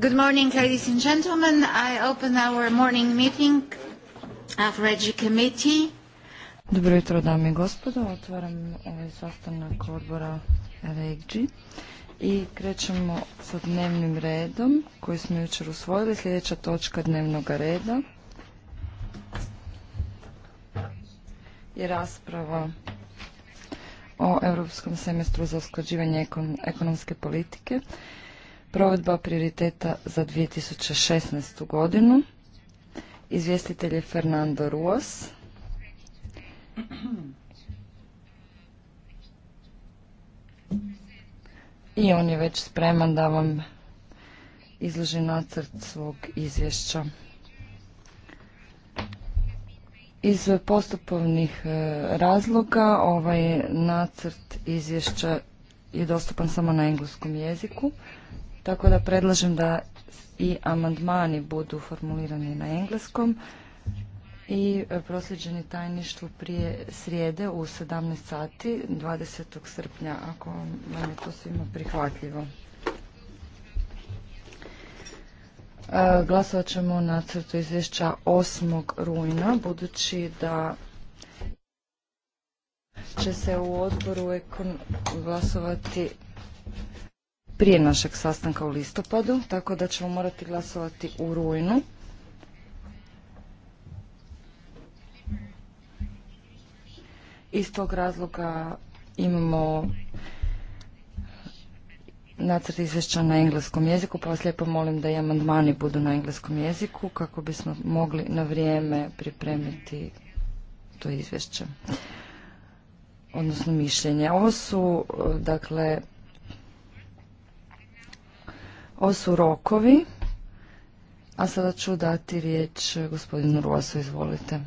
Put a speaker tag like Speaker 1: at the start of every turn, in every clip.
Speaker 1: Good morning, ladies and gentlemen. I open our morning meeting of Regi Committee. Dobro jutro, dame i gospodo. Otvaram ovaj sastanak odbora Regi i krećemo sa dnevnim redom koji smo jučer usvojili. Sljedeća točka dnevnog reda je rasprava o Europskom semestru za usklađivanje ekonomske politike provedba prioriteta za 2016. godinu. Izvjestitelj je Fernando Ruos. I on je već spreman da vam izloži nacrt svog izvješća. Iz postupovnih e, razloga ovaj nacrt izvješća je dostupan samo na engleskom jeziku tako da predlažem da i amandmani budu formulirani na engleskom i e, prosljeđeni tajništvu prije srijede u 17 sati 20. srpnja ako vam je to svima prihvatljivo. E, glasovat ćemo na crtu izvješća 8. rujna budući da će se u odboru glasovati prije našeg sastanka u listopadu, tako da ćemo morati glasovati u rujnu. Iz tog razloga imamo nacrt izvješća na engleskom jeziku, pa vas lijepo molim da i amandmani budu na engleskom jeziku kako bismo mogli na vrijeme pripremiti to izvješće, odnosno mišljenje. Ovo su, dakle, ovo su rokovi. A sada ću dati riječ gospodinu Rosu. izvolite.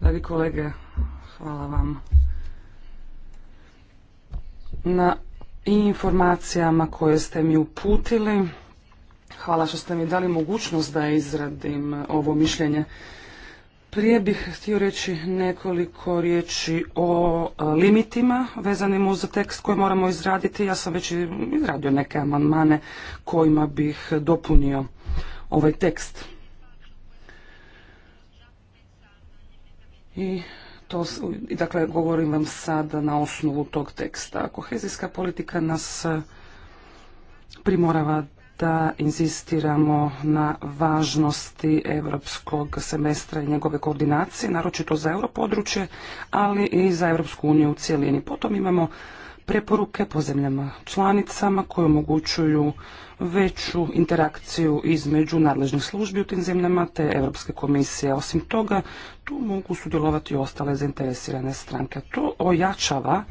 Speaker 2: Dragi kolege, hvala vam na informacijama koje ste mi uputili. Hvala što ste mi dali mogućnost da izradim ovo mišljenje. Prije bih htio reći nekoliko riječi o e, limitima vezanim uz tekst koji moramo izraditi. Ja sam već izradio neke amandmane kojima bih dopunio ovaj tekst. I to, dakle, govorim vam sada na osnovu tog teksta. Kohezijska politika nas primorava da inzistiramo na važnosti europskog semestra i njegove koordinacije, naročito za europodručje, ali i za Europsku uniju u cijelini. Potom imamo preporuke po zemljama članicama koje omogućuju veću interakciju između nadležnih službi u tim zemljama te Europske komisije. Osim toga, tu mogu sudjelovati i ostale zainteresirane stranke. To ojačava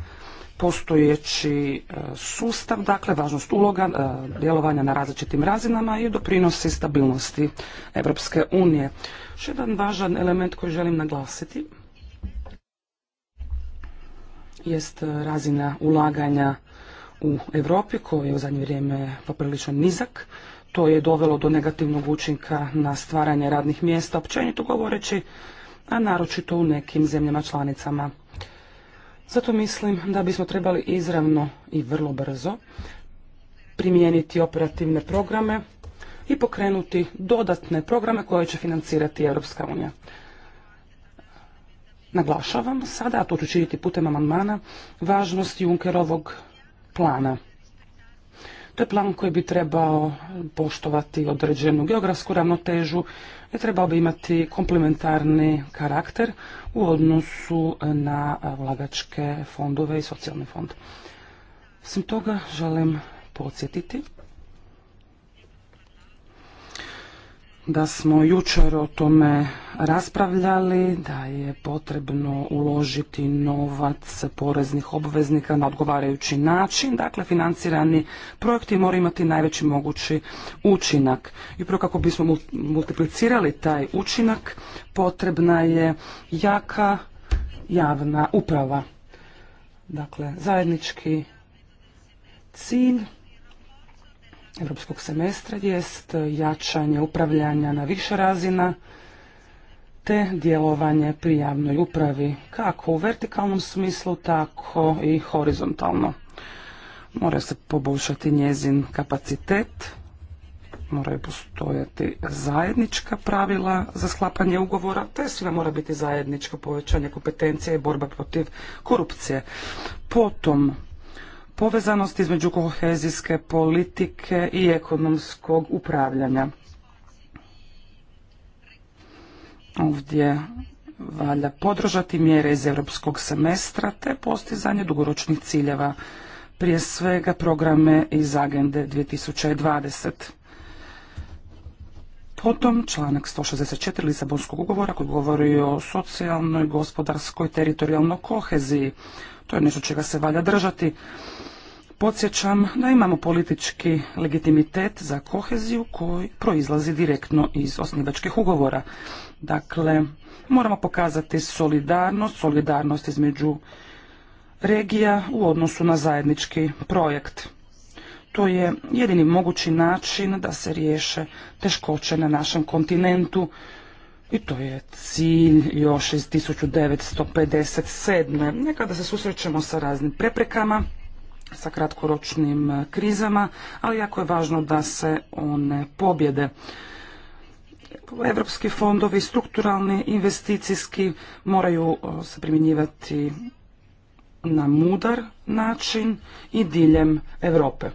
Speaker 2: postojeći e, sustav, dakle važnost uloga, e, djelovanja na različitim razinama i doprinosi stabilnosti Europske unije. je jedan važan element koji želim naglasiti jest razina ulaganja u Europi koji je u zadnje vrijeme poprilično nizak. To je dovelo do negativnog učinka na stvaranje radnih mjesta, općenito govoreći, a naročito u nekim zemljama članicama. Zato mislim da bismo trebali izravno i vrlo brzo primijeniti operativne programe i pokrenuti dodatne programe koje će financirati Europska unija. Naglašavam sada, a to ću činiti putem amandmana, važnost Junckerovog plana. To je plan koji bi trebao poštovati određenu geografsku ravnotežu, trebao bi imati komplementarni karakter u odnosu na vlagačke fondove i socijalni fond. Osim toga želim podsjetiti da smo jučer o tome raspravljali, da je potrebno uložiti novac poreznih obveznika na odgovarajući način. Dakle, financirani projekti moraju imati najveći mogući učinak. I upravo kako bismo multiplicirali taj učinak, potrebna je jaka javna uprava. Dakle, zajednički cilj europskog semestra jest jačanje upravljanja na više razina te djelovanje pri javnoj upravi kako u vertikalnom smislu tako i horizontalno. Mora se poboljšati njezin kapacitet, moraju postojati zajednička pravila za sklapanje ugovora, te svima mora biti zajedničko povećanje kompetencije i borba protiv korupcije. Potom povezanost između kohezijske politike i ekonomskog upravljanja. Ovdje valja podržati mjere iz europskog semestra te postizanje dugoročnih ciljeva, prije svega programe iz agende 2020. Potom članak 164 Lisabonskog ugovora koji govori o socijalnoj, gospodarskoj, teritorijalnoj koheziji. To je nešto čega se valja držati. Podsjećam da imamo politički legitimitet za koheziju koji proizlazi direktno iz osnivačkih ugovora. Dakle, moramo pokazati solidarnost, solidarnost između regija u odnosu na zajednički projekt. To je jedini mogući način da se riješe teškoće na našem kontinentu i to je cilj još iz 1957. Nekada se susrećemo sa raznim preprekama, sa kratkoročnim e, krizama, ali jako je važno da se one pobjede. Evropski fondovi, strukturalni, investicijski moraju e, se primjenjivati na mudar način i diljem Europe.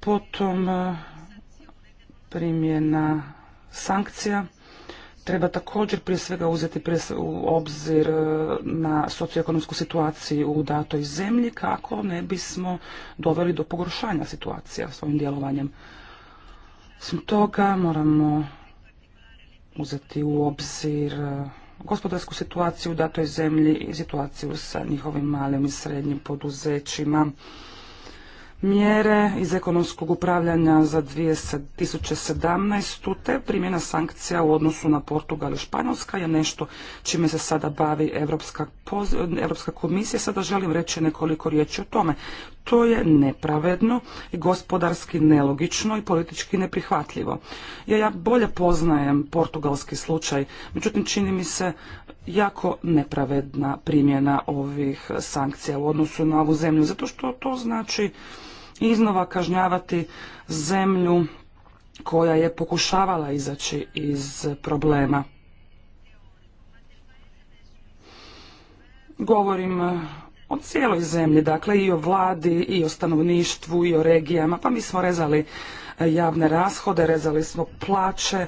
Speaker 2: Potom e, primjena sankcija treba također prije svega uzeti u obzir e, na socioekonomsku situaciju u datoj zemlji kako ne bismo doveli do pogoršanja situacija svojim djelovanjem. Osim toga moramo uzeti u obzir e, gospodarsku situaciju u datoj zemlji i situaciju sa njihovim malim i srednjim poduzećima mjere iz ekonomskog upravljanja za 2017. te primjena sankcija u odnosu na Portugal i Španjolska je nešto čime se sada bavi Europska, Europska komisija. Sada želim reći nekoliko riječi o tome. To je nepravedno i gospodarski nelogično i politički neprihvatljivo. Ja, ja bolje poznajem portugalski slučaj, međutim čini mi se jako nepravedna primjena ovih sankcija u odnosu na ovu zemlju, zato što to znači iznova kažnjavati zemlju koja je pokušavala izaći iz problema. Govorim o cijeloj zemlji, dakle i o vladi, i o stanovništvu, i o regijama. Pa mi smo rezali e, javne rashode, rezali smo plaće,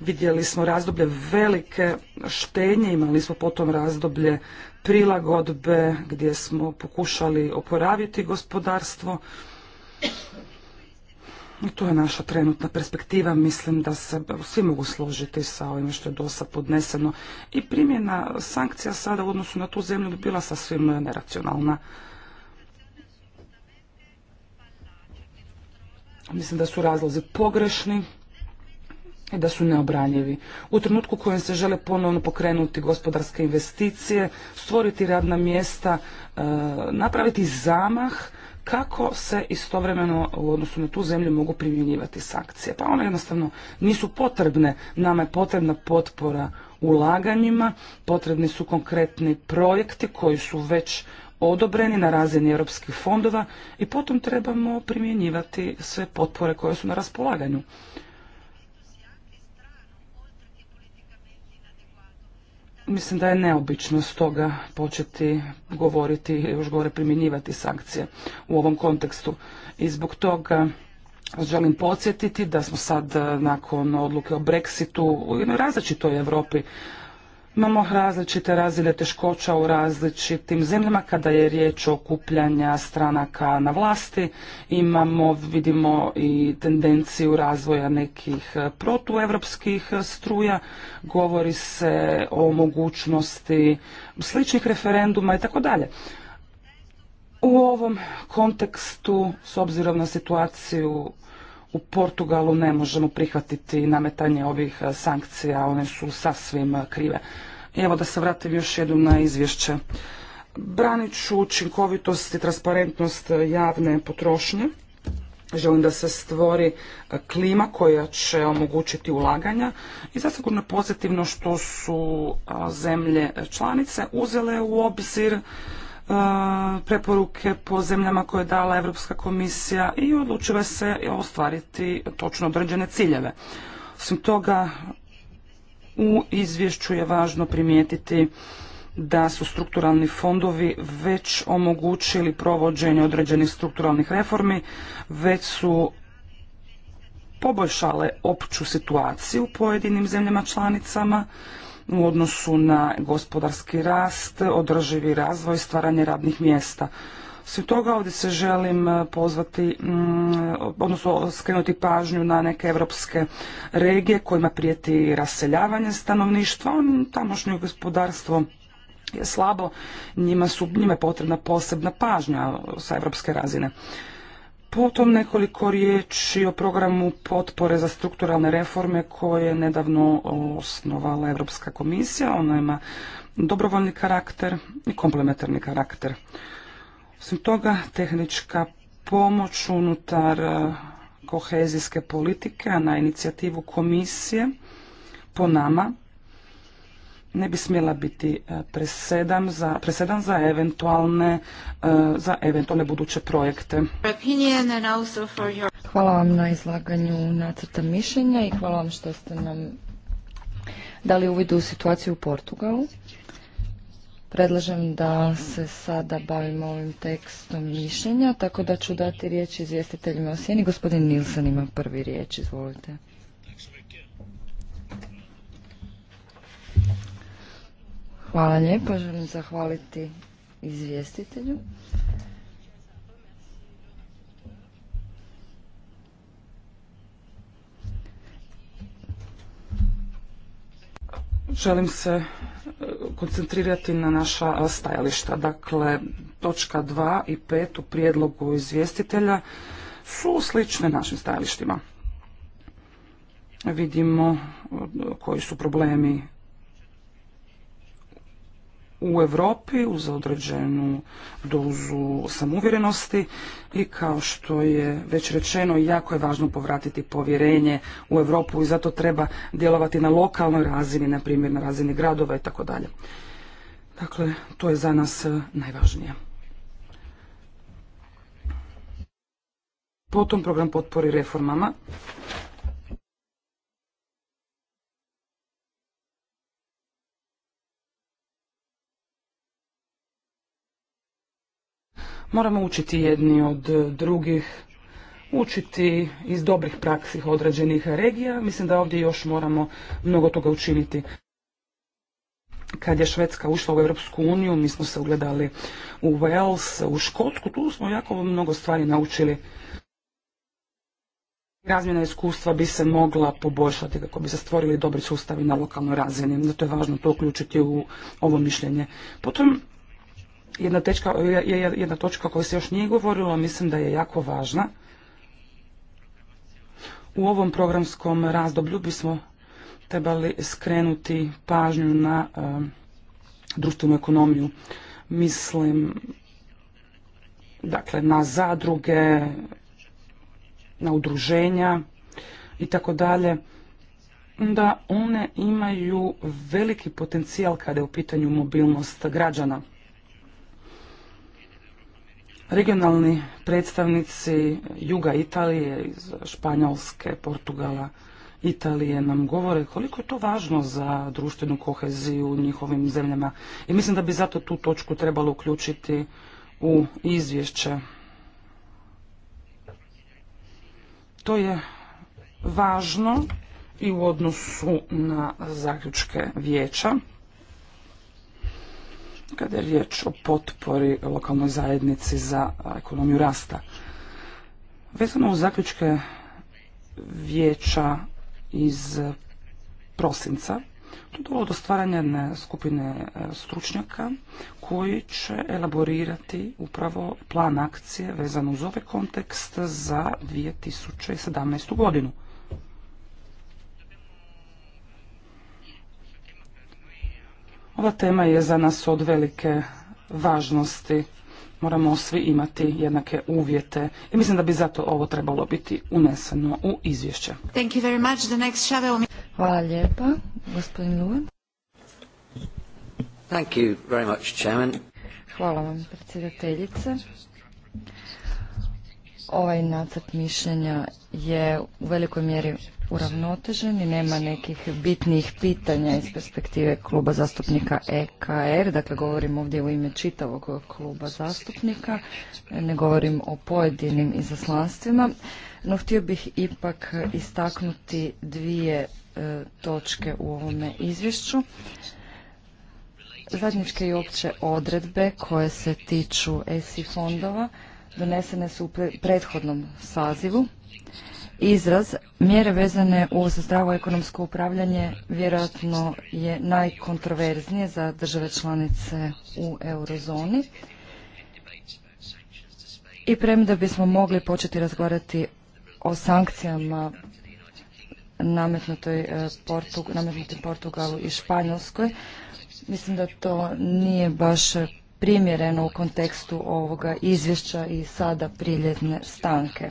Speaker 2: vidjeli smo razdoblje velike štenje, imali smo potom razdoblje prilagodbe gdje smo pokušali oporaviti gospodarstvo. To je naša trenutna perspektiva. Mislim da se svi mogu složiti sa ovime što je dosta podneseno. I primjena sankcija sada u odnosu na tu zemlju bi bila sasvim neracionalna. Mislim da su razlozi pogrešni i da su neobranjivi. U trenutku u kojem se žele ponovno pokrenuti gospodarske investicije, stvoriti radna mjesta, e, napraviti zamah, kako se istovremeno u odnosu na tu zemlju mogu primjenjivati sankcije. Pa one jednostavno nisu potrebne, nama je potrebna potpora ulaganjima, potrebni su konkretni projekti koji su već odobreni na razini europskih fondova i potom trebamo primjenjivati sve potpore koje su na raspolaganju. Mislim da je neobično stoga početi govoriti, još gore primjenjivati sankcije u ovom kontekstu. I zbog toga želim podsjetiti da smo sad eh, nakon odluke o Brexitu u jednoj različitoj Europi Imamo različite razine teškoća u različitim zemljama kada je riječ o okupljanja stranaka na vlasti. Imamo, vidimo i tendenciju razvoja nekih protuevropskih struja. Govori se o mogućnosti sličnih referenduma i tako dalje. U ovom kontekstu, s obzirom na situaciju u Portugalu ne možemo prihvatiti nametanje ovih e, sankcija, one su sasvim e, krive. Evo da se vratim još jednom na izvješće. Branit ću učinkovitost i transparentnost e, javne potrošnje. Želim da se stvori klima koja će omogućiti ulaganja i zasigurno pozitivno što su zemlje članice uzele u obzir preporuke po zemljama koje je dala Europska komisija i odlučila se ostvariti točno određene ciljeve. Osim toga, u izvješću je važno primijetiti da su strukturalni fondovi već omogućili provođenje određenih strukturalnih reformi, već su poboljšale opću situaciju u pojedinim zemljama članicama, u odnosu na gospodarski rast, održivi razvoj, stvaranje radnih mjesta. Sve toga ovdje se želim e, pozvati, mm, odnosno skrenuti pažnju na neke evropske regije kojima prijeti raseljavanje stanovništva, tamošnje gospodarstvo je slabo, njima, njima je potrebna posebna pažnja sa evropske razine. Potom nekoliko riječi o programu potpore za strukturalne reforme koje je nedavno osnovala Europska komisija. Ona ima dobrovoljni karakter i komplementarni karakter. Osim toga, tehnička pomoć unutar e, kohezijske politike, a na inicijativu komisije po nama ne bi smjela biti e, presedan za, za eventualne e, za eventualne buduće projekte. Hvala vam na izlaganju nacrta mišljenja i hvala vam što
Speaker 1: ste nam dali uvid u situaciju u Portugalu. Predlažem da se sada bavimo ovim tekstom mišljenja, tako da ću dati riječ izvjestiteljima o sjeni. Gospodin Nilsen ima prvi riječ, izvolite. Hvala lijepo. Želim zahvaliti izvjestitelju.
Speaker 2: Želim se e, koncentrirati na naša stajališta. Dakle, točka 2 i 5 u prijedlogu izvjestitelja su slične našim stajalištima. Vidimo e, koji su problemi u Europi uz određenu dozu samouvjerenosti i kao što je već rečeno jako je važno povratiti povjerenje u Europu i zato treba djelovati na lokalnoj razini, na primjer na razini gradova i tako dalje. Dakle, to je za nas e, najvažnije. Potom program potpori reformama. Moramo učiti jedni od drugih, učiti iz dobrih praksi određenih regija. Mislim da ovdje još moramo mnogo toga učiniti. Kad je Švedska ušla u Europsku uniju, mi smo se ugledali u Wales, u Škotsku, tu smo jako mnogo stvari naučili. Razmjena iskustva bi se mogla poboljšati kako bi se stvorili dobri sustavi na lokalnoj razini. Zato je važno to uključiti u ovo mišljenje. Potom jedna, tečka, jedna točka o se još nije govorilo, mislim da je jako važna. U ovom programskom razdoblju bismo trebali skrenuti pažnju na um, društvenu ekonomiju. Mislim, dakle, na zadruge, na udruženja i tako dalje, da one imaju veliki potencijal kada je u pitanju mobilnost građana regionalni predstavnici juga Italije iz Španjolske, Portugala, Italije nam govore koliko je to važno za društvenu koheziju u njihovim zemljama i mislim da bi zato tu točku trebalo uključiti u izvješće. To je važno i u odnosu na zaključke vijeća kada je riječ o potpori lokalnoj zajednici za ekonomiju rasta. Vezano u zaključke vijeća iz prosinca, to dolo do stvaranja jedne skupine e, stručnjaka koji će elaborirati upravo plan akcije vezano uz ovaj kontekst za 2017. godinu. Ova tema je za nas od velike važnosti. Moramo svi imati jednake uvjete i mislim da bi zato ovo trebalo biti uneseno u izvješće.
Speaker 1: Thank you very much. The next Hvala lijepa. Gospodin Luan.
Speaker 2: Thank you very much, Chairman.
Speaker 1: Hvala vam, predsjedateljice ovaj nacrt mišljenja je u velikoj mjeri uravnotežen i nema nekih bitnih pitanja iz perspektive kluba zastupnika EKR. Er. Dakle, govorim ovdje u ime čitavog kluba zastupnika, ne govorim o pojedinim izaslanstvima, no htio bih ipak istaknuti dvije e, točke u ovome izvješću. Zadnjičke i opće odredbe koje se tiču ESI fondova donesene su u prethodnom sazivu. Izraz mjere vezane uz zdravo ekonomsko upravljanje vjerojatno je najkontroverznije za države članice u eurozoni. I premda bismo mogli početi razgovarati o sankcijama nametnutoj e, Portug, Portugalu i Španjolskoj, mislim da to nije baš primjereno u kontekstu ovoga izvješća i sada priljetne stanke.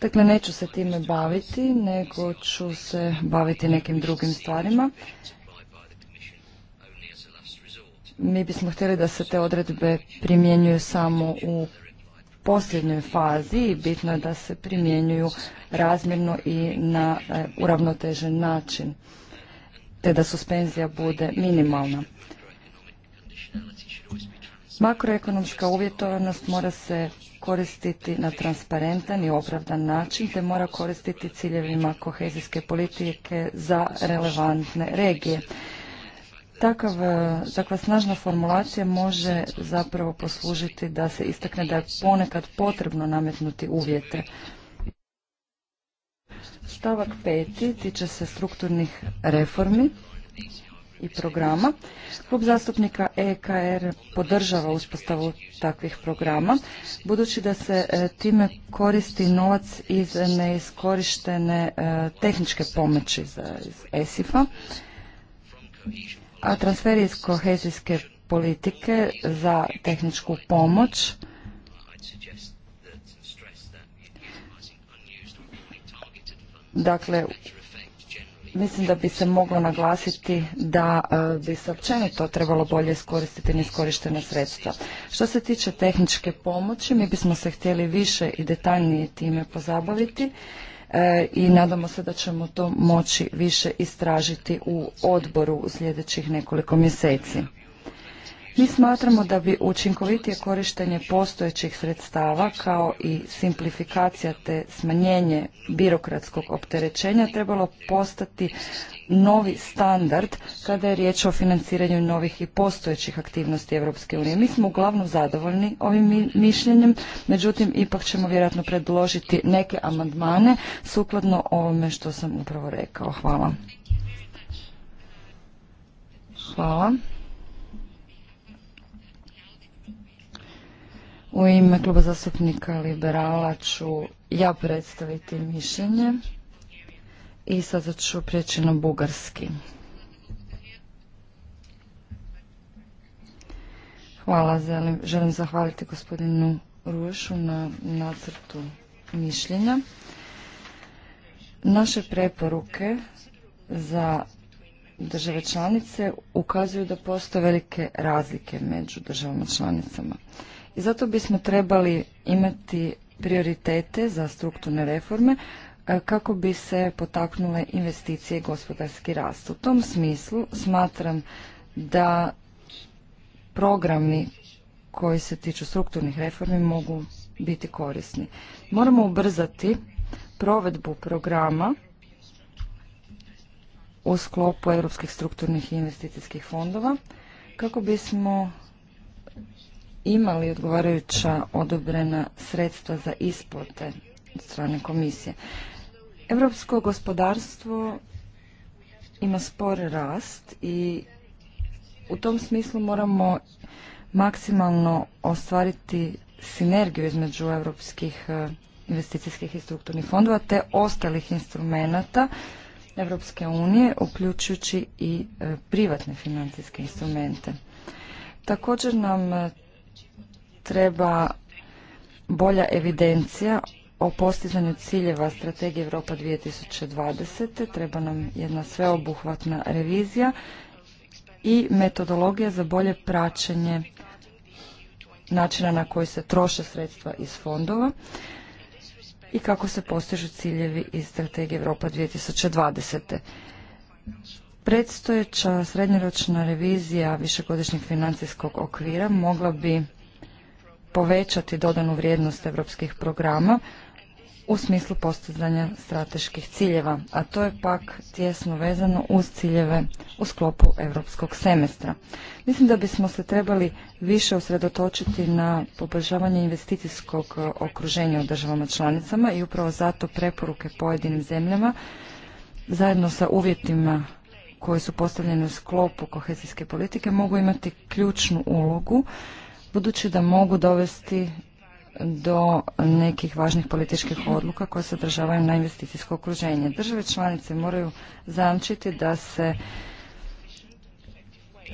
Speaker 1: Dakle, neću se time baviti, nego ću se baviti nekim drugim stvarima. Mi bismo htjeli da se te odredbe primjenjuju samo u posljednjoj fazi i bitno je da se primjenjuju razmjerno i na e, uravnotežen način, te da suspenzija bude minimalna. Makroekonomska uvjetovanost mora se koristiti na transparentan i opravdan način te mora koristiti ciljevima kohezijske politike za relevantne regije. Takav, e, takva snažna formulacija može zapravo poslužiti da se istakne da je ponekad potrebno nametnuti uvjete. Stavak peti tiče se strukturnih reformi i programa. Klub zastupnika EKR er podržava uspostavu takvih programa, budući da se e, time koristi novac iz neiskorištene e, tehničke pomoći iz ESIF-a, a transferi iz kohezijske politike za tehničku pomoć dakle Mislim da bi se moglo naglasiti da e, bi se općenito trebalo bolje iskoristiti neiskorištena sredstva. Što se tiče tehničke pomoći, mi bismo se htjeli više i detaljnije time pozabaviti e, i nadamo se da ćemo to moći više istražiti u odboru u sljedećih nekoliko mjeseci. Mi smatramo da bi učinkovitije korištenje postojećih sredstava kao i simplifikacija te smanjenje birokratskog opterećenja trebalo postati novi standard kada je riječ o financiranju novih i postojećih aktivnosti Europske unije. Mi smo uglavnom zadovoljni ovim mišljenjem, međutim ipak ćemo vjerojatno predložiti neke amandmane sukladno ovome što sam upravo rekao. Hvala. Hvala. U ime kluba zastupnika liberala ću ja predstaviti mišljenje i sada ću prijeći na bugarski. Hvala, želim, želim zahvaliti gospodinu Rušu na nacrtu mišljenja. Naše preporuke za države članice ukazuju da postoje velike razlike među državama članicama. I zato bismo trebali imati prioritete za strukturne reforme e, kako bi se potaknule investicije i gospodarski rast. U tom smislu smatram da programi koji se tiču strukturnih reformi mogu biti korisni. Moramo ubrzati provedbu programa u sklopu europskih strukturnih i investicijskih fondova kako bismo ima li odgovarajuća odobrena sredstva za isplate od strane komisije. Europsko gospodarstvo ima spor rast i u tom smislu moramo maksimalno ostvariti sinergiju između europskih e, investicijskih i strukturnih fondova te ostalih instrumenata Europske unije, uključujući i e, privatne financijske instrumente. Također nam e, treba bolja evidencija o postizanju ciljeva strategije Europa 2020. Treba nam jedna sveobuhvatna revizija i metodologija za bolje praćenje načina na koji se troše sredstva iz fondova i kako se postižu ciljevi iz strategije Europa 2020. Predstojeća srednjoročna revizija višegodišnjeg financijskog okvira mogla bi povećati dodanu vrijednost europskih programa u smislu postizanja strateških ciljeva, a to je pak tjesno vezano uz ciljeve u sklopu europskog semestra. Mislim da bismo se trebali više usredotočiti na poboljšavanje investicijskog okruženja u državama članicama i upravo zato preporuke pojedinim zemljama zajedno sa uvjetima koji su postavljeni u sklopu kohezijske politike mogu imati ključnu ulogu budući da mogu dovesti do nekih važnih političkih odluka koje se državaju na investicijsko okruženje. Države članice moraju zamčiti da se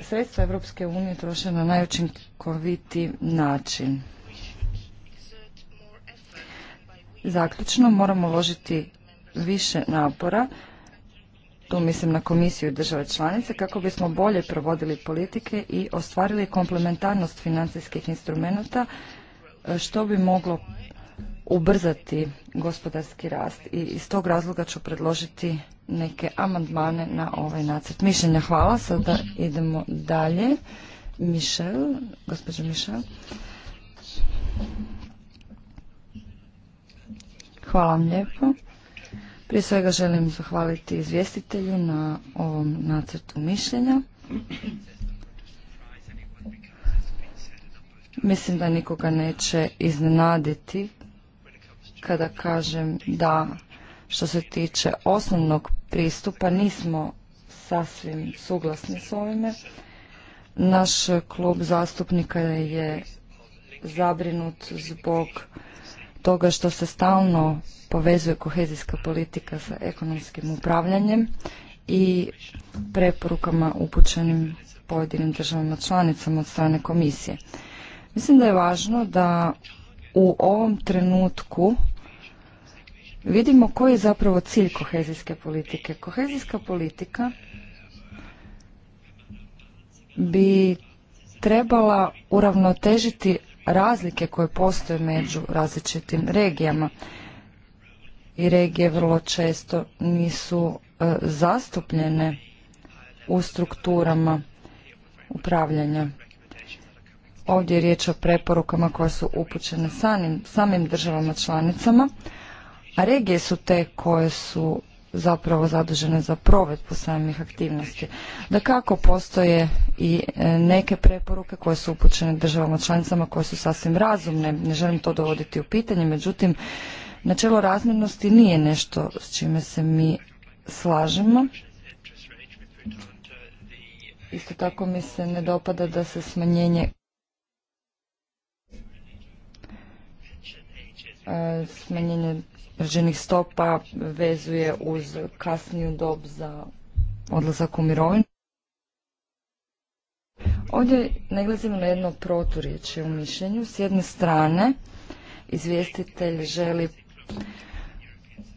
Speaker 1: sredstva Europske unije troše na najučinkoviti način. Zaključno moramo uložiti više napora tu mislim na komisiju i države članice, kako bismo bolje provodili politike i ostvarili komplementarnost financijskih instrumenata, e, što bi moglo ubrzati gospodarski rast. I iz tog razloga ću predložiti neke amandmane na ovaj nacrt mišljenja. Hvala. Sada idemo dalje. Mišel, gospođa Mišel. Hvala vam lijepo. Prije svega želim zahvaliti izvjestitelju na ovom nacrtu mišljenja. Mislim da nikoga neće iznenaditi kada kažem da što se tiče osnovnog pristupa nismo sasvim suglasni s ovime. Naš klub zastupnika je zabrinut zbog toga što se stalno povezuje kohezijska politika sa ekonomskim upravljanjem i preporukama upućenim pojedinim državama članicama od strane komisije. Mislim da je važno da u ovom trenutku vidimo koji je zapravo cilj kohezijske politike. Kohezijska politika bi trebala uravnotežiti razlike koje postoje među različitim regijama. I regije vrlo često nisu e, zastupljene u strukturama upravljanja. Ovdje je riječ o preporukama koje su upućene samim državama članicama, a regije su te koje su zapravo zadužene za provedbu samih aktivnosti. Da kako postoje i e, neke preporuke koje su upućene državama članicama koje su sasvim razumne, ne želim to dovoditi u pitanje, međutim načelo razmjernosti nije nešto s čime se mi slažemo. Isto tako mi se ne dopada da se smanjenje e, smanjenje određenih stopa vezuje uz kasniju dob za odlazak u mirovinu. Ovdje naglasimo na jedno proturječje u mišljenju. S jedne strane, izvjestitelj želi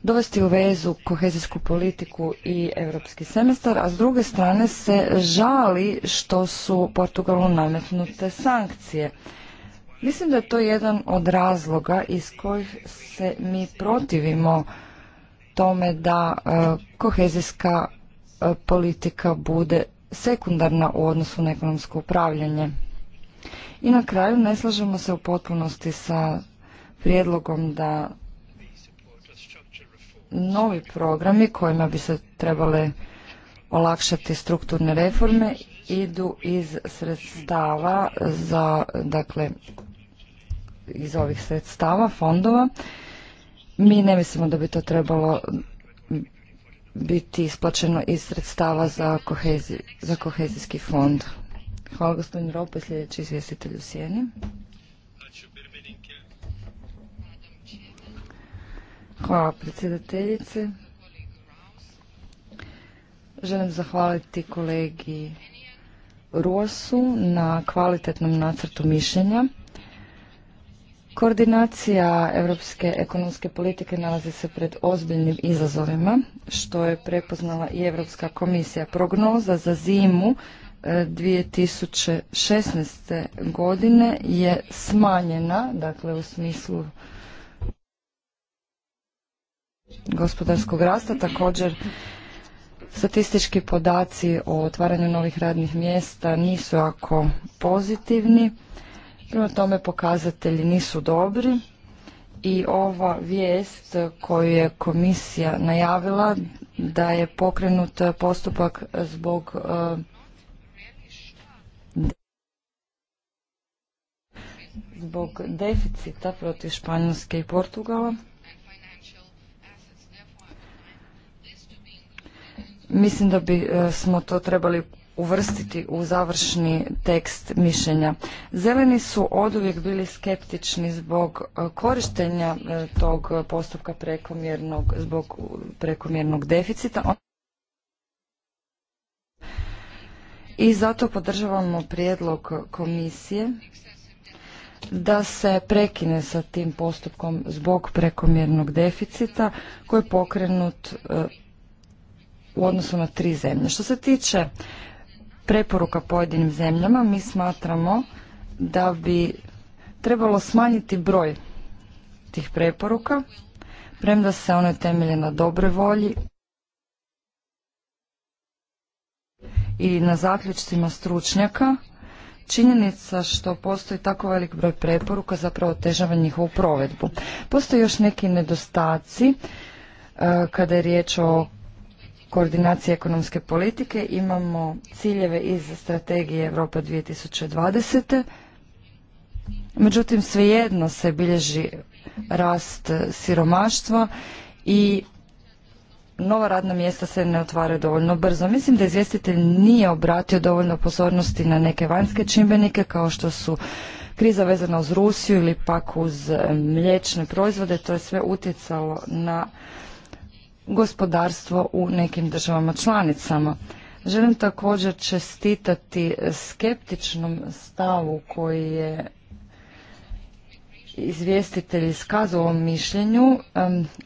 Speaker 1: dovesti u vezu kohezijsku politiku i europski semestar, a s druge strane se žali što su Portugalu nametnute sankcije. Mislim da je to jedan od razloga iz kojih se mi protivimo tome da e, kohezijska e, politika bude sekundarna u odnosu na ekonomsko upravljanje. I na kraju ne slažemo se u potpunosti sa prijedlogom da novi programi kojima bi se trebale olakšati strukturne reforme idu iz sredstava za dakle iz ovih sredstava, fondova. Mi ne mislimo da bi to trebalo biti isplaćeno iz sredstava za, kohezi, za kohezijski fond. Hvala gospodin Ropo i sljedeći izvjestitelj u Sijeni. Hvala predsjedateljice. Želim zahvaliti kolegi Rosu na kvalitetnom nacrtu mišljenja. Koordinacija europske ekonomske politike nalazi se pred ozbiljnim izazovima, što je prepoznala i Europska komisija. Prognoza za zimu 2016. E, godine je smanjena, dakle u smislu gospodarskog rasta. Također, statistički podaci o otvaranju novih radnih mjesta nisu jako pozitivni. Prema tome pokazatelji nisu dobri i ova vijest koju je komisija najavila da je pokrenut postupak zbog eh, zbog deficita protiv Španjolske i Portugala. Mislim da bi eh, smo to trebali uvrstiti u završni tekst mišljenja. Zeleni su oduvijek bili skeptični zbog e, korištenja e, tog postupka prekomjernog, zbog prekomjernog deficita. I zato podržavamo prijedlog komisije da se prekine sa tim postupkom zbog prekomjernog deficita koji je pokrenut e, u odnosu na tri zemlje. Što se tiče preporuka pojedinim zemljama, mi smatramo da bi trebalo smanjiti broj tih preporuka, premda se one temelje na dobroj volji i na zaključcima stručnjaka. Činjenica što postoji tako velik broj preporuka zapravo otežava njihovu provedbu. Postoje još neki nedostaci e, kada je riječ o koordinacije ekonomske politike, imamo ciljeve iz strategije Europa 2020. Međutim, svejedno se bilježi rast siromaštva i nova radna mjesta se ne otvaraju dovoljno brzo. Mislim da izvjestitelj nije obratio dovoljno pozornosti na neke vanjske čimbenike kao što su kriza vezana uz Rusiju ili pak uz mliječne proizvode. To je sve utjecalo na gospodarstvo u nekim državama članicama. Želim također čestitati skeptičnom stavu koji je izvjestitelj iskazao ovom mišljenju,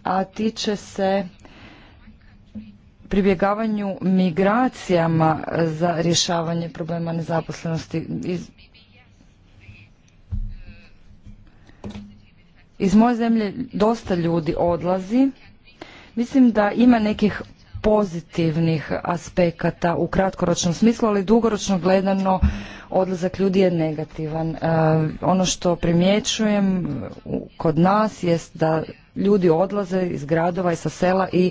Speaker 1: a tiče se pribjegavanju migracijama za rješavanje problema nezaposlenosti. iz moje zemlje dosta ljudi odlazi Mislim da ima nekih pozitivnih aspekata u kratkoročnom smislu, ali dugoročno gledano odlazak ljudi je negativan. E, ono što primjećujem kod nas jest da ljudi odlaze iz gradova i sa sela i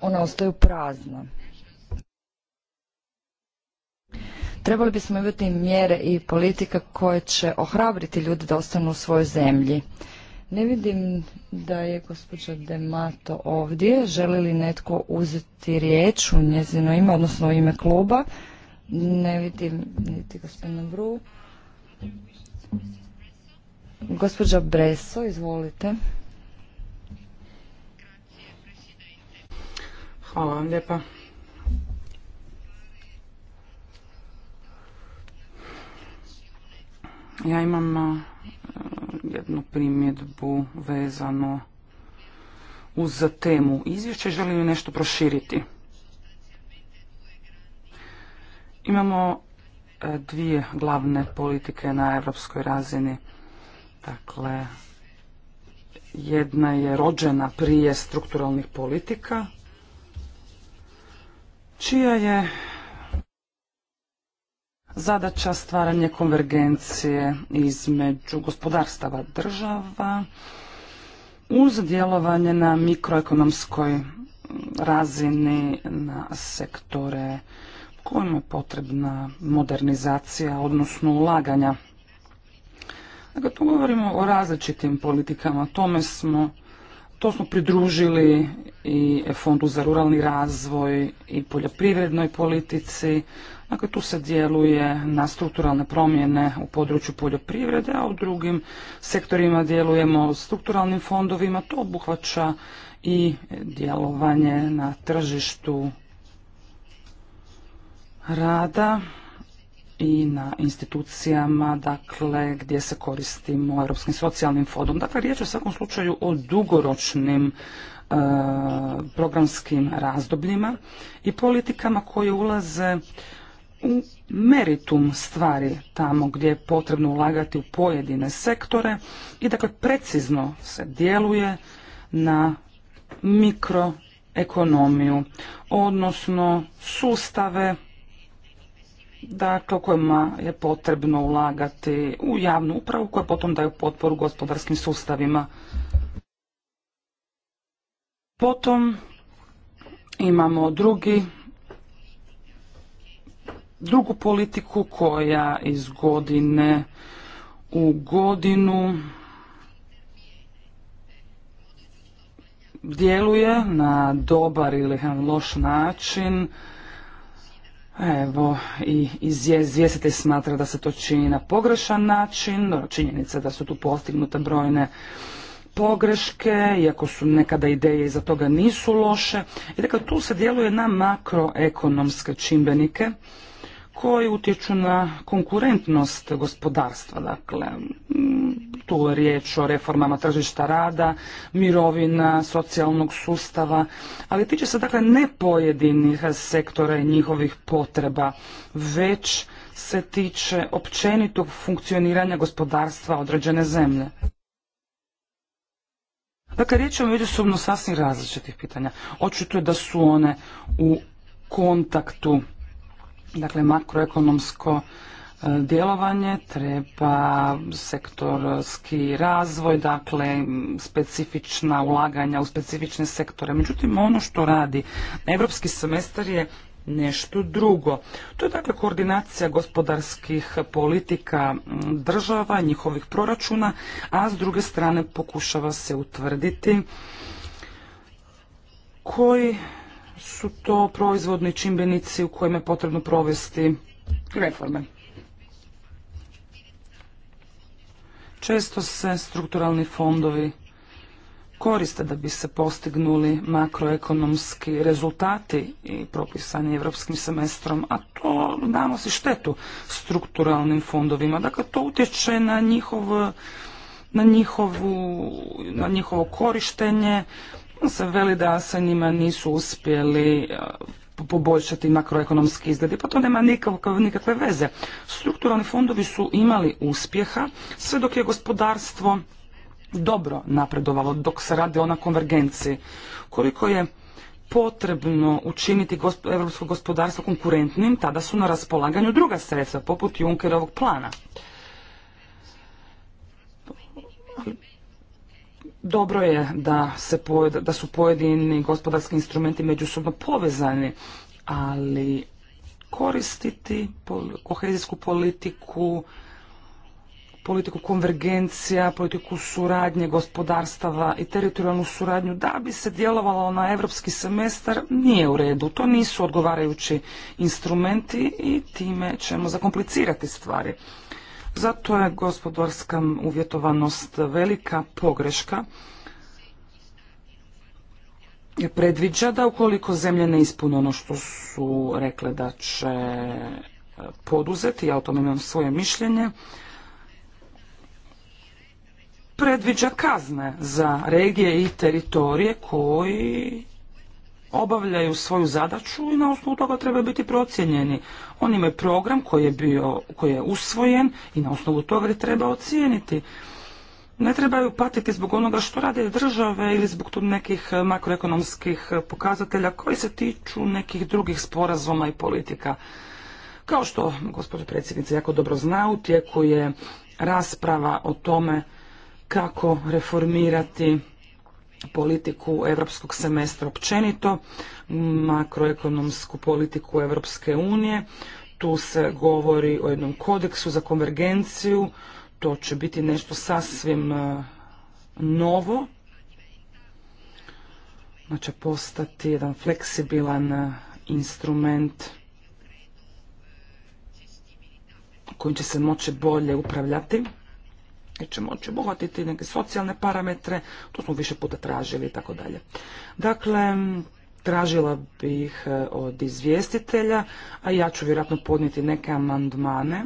Speaker 1: ona ostaju prazna. Trebali bismo imati mjere i politika koje će ohrabriti ljude da ostanu u svojoj zemlji. Ne vidim da je gospođa Demato ovdje. Želi li netko uzeti riječ u njezino ime, odnosno u ime kluba? Ne vidim niti gospodina Bru. Gospođa Breso,
Speaker 2: izvolite. Hvala vam lijepa. Ja imam jednu primjedbu vezano uz temu izvješća i želim nešto proširiti. Imamo e, dvije glavne politike na europskoj razini. Dakle, jedna je rođena prije strukturalnih politika, čija je zadaća stvaranje konvergencije između gospodarstava država uz djelovanje na mikroekonomskoj razini na sektore kojima je potrebna modernizacija, odnosno ulaganja. Dakle, tu govorimo o različitim politikama. Tome smo, to smo pridružili i Fondu za ruralni razvoj i poljoprivrednoj politici, Dakle, tu se djeluje na strukturalne promjene u području poljoprivrede, a u drugim sektorima djelujemo strukturalnim fondovima. To obuhvaća i djelovanje na tržištu rada i na institucijama, dakle, gdje se koristimo Europskim socijalnim fondom. Dakle, riječ je u svakom slučaju o dugoročnim e, programskim razdobljima i politikama koje ulaze u meritum stvari tamo gdje je potrebno ulagati u pojedine sektore i dakle precizno se djeluje na mikroekonomiju, odnosno sustave dakle, u kojima je potrebno ulagati u javnu upravu koja potom daju potporu gospodarskim sustavima. Potom imamo drugi drugu politiku koja iz godine u godinu djeluje na dobar ili loš način. Evo, i izvjestitelj smatra da se to čini na pogrešan način, činjenica da su tu postignute brojne pogreške, iako su nekada ideje iza toga nisu loše. I dakle, tu se djeluje na makroekonomske čimbenike, koji utječu na konkurentnost gospodarstva. Dakle, mm, tu je riječ o reformama tržišta rada, mirovina, socijalnog sustava, ali tiče se dakle ne pojedinih sektora i njihovih potreba, već se tiče općenitog funkcioniranja gospodarstva određene zemlje. Dakle, riječ je o međusobno sasvim različitih pitanja. Očito je da su one u kontaktu Dakle, makroekonomsko e, djelovanje, treba sektorski razvoj, dakle specifična ulaganja u specifične sektore. Međutim, ono što radi europski semestar je nešto drugo. To je dakle koordinacija gospodarskih politika država, njihovih proračuna, a s druge strane pokušava se utvrditi koji su to proizvodni čimbenici u kojima je potrebno provesti reforme. Često se strukturalni fondovi koriste da bi se postignuli makroekonomski rezultati i propisani evropskim semestrom, a to nanosi štetu strukturalnim fondovima. Dakle, to utječe na na, na njihovo korištenje, se veli da se njima nisu uspjeli e, poboljšati makroekonomski izgledi, pa to nema nikakve, veze. Strukturalni fondovi su imali uspjeha sve dok je gospodarstvo dobro napredovalo, dok se radi o na konvergenciji. Koliko je potrebno učiniti europsko gospodarstvo konkurentnim, tada su na raspolaganju druga sredstva, poput Junkerovog plana dobro je da, se da su pojedini gospodarski instrumenti međusobno povezani, ali koristiti kohezijsku politiku, politiku konvergencija, politiku suradnje gospodarstava i teritorijalnu suradnju da bi se djelovalo na europski semestar nije u redu. To nisu odgovarajući instrumenti i time ćemo zakomplicirati stvari. Zato je gospodarska uvjetovanost velika pogreška predviđa da ukoliko zemlje ne ispune ono što su rekle da će e, poduzeti, ja o tome imam svoje mišljenje, predviđa kazne za regije i teritorije koji obavljaju svoju zadaću i na osnovu toga trebaju biti procijenjeni. On imaju program koji je, bio, koji je usvojen i na osnovu toga treba ocijeniti. Ne trebaju patiti zbog onoga što rade države ili zbog tu nekih eh, makroekonomskih eh, pokazatelja koji se tiču nekih drugih sporazuma i politika. Kao što gospođa predsjednica jako dobro zna, u tijeku je rasprava o tome kako reformirati politiku europskog semestra općenito, makroekonomsku politiku Europske unije. Tu se govori o jednom kodeksu za konvergenciju. To će biti nešto sasvim e, novo. Ono će postati jedan fleksibilan e, instrument kojim će se moći bolje upravljati će moći obuhvatiti neke socijalne parametre, to smo više puta tražili i tako dalje. Dakle, tražila bih e, od izvjestitelja, a ja ću vjerojatno podnijeti neke amandmane,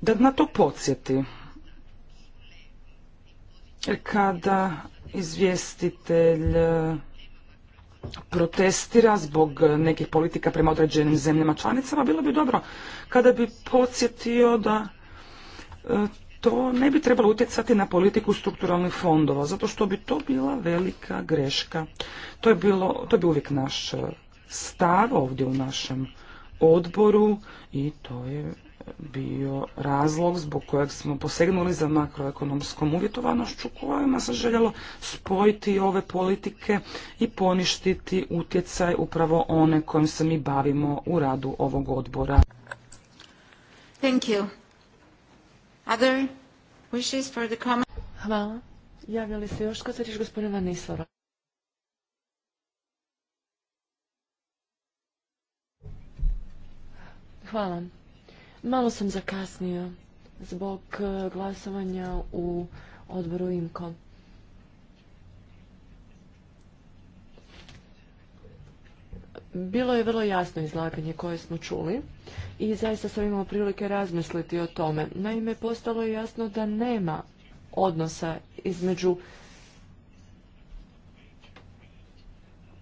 Speaker 2: da na to podsjeti. Kada izvjestitelj e, protestira zbog nekih politika prema određenim zemljama članicama, bilo bi dobro kada bi podsjetio da e, to ne bi trebalo utjecati na politiku strukturalnih fondova, zato što bi to bila velika greška. To je, bilo, to je uvijek naš e, stav ovdje u našem odboru i to je bio razlog zbog kojeg smo posegnuli za makroekonomskom uvjetovanošću kojima se željelo spojiti ove politike i poništiti utjecaj upravo one kojim se mi bavimo u radu ovog odbora.
Speaker 3: Thank you. Other wishes for the comment? Hvala. Javlja li se još kod se tiče gospodina Nisora? Hvala. Malo sam zakasnio zbog eh, glasovanja u odboru IMKO. Bilo je vrlo jasno izlaganje koje smo čuli i zaista sam imao prilike razmisliti o tome. Naime, postalo je jasno da nema odnosa između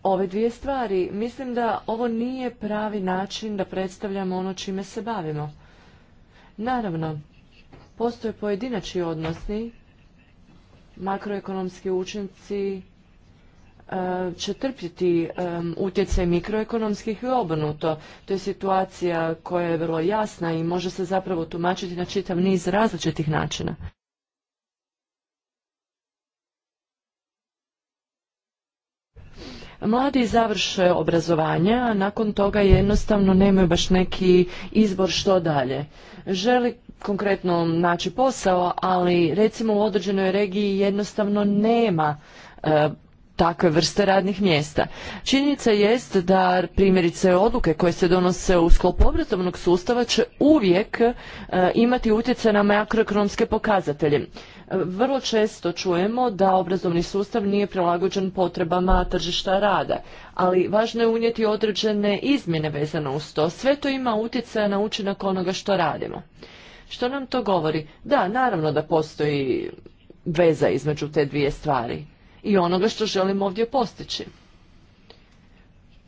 Speaker 3: ove dvije stvari. Mislim da ovo nije pravi način da predstavljamo ono čime se bavimo. Naravno, postoje pojedinačni odnosni, makroekonomski učinci E, će trpjeti e, utjecaj mikroekonomskih i obrnuto. To je situacija koja je vrlo jasna i može se zapravo tumačiti na čitav niz različitih načina. Mladi završe obrazovanje, a nakon toga jednostavno nemaju baš neki izbor što dalje. Želi konkretno naći posao, ali recimo u određenoj regiji jednostavno nema e, takve vrste radnih mjesta. Činjenica jest da primjerice odluke koje se donose u sklopu obrazovnog sustava će uvijek e, imati utjecaj na makroekonomske pokazatelje. Vrlo često čujemo da obrazovni sustav nije prilagođen potrebama tržišta rada, ali važno je unijeti određene izmjene vezane uz to. Sve to ima utjecaj na učinak onoga što radimo. Što nam to govori? Da, naravno da postoji veza između te dvije stvari i onoga što želimo ovdje postići.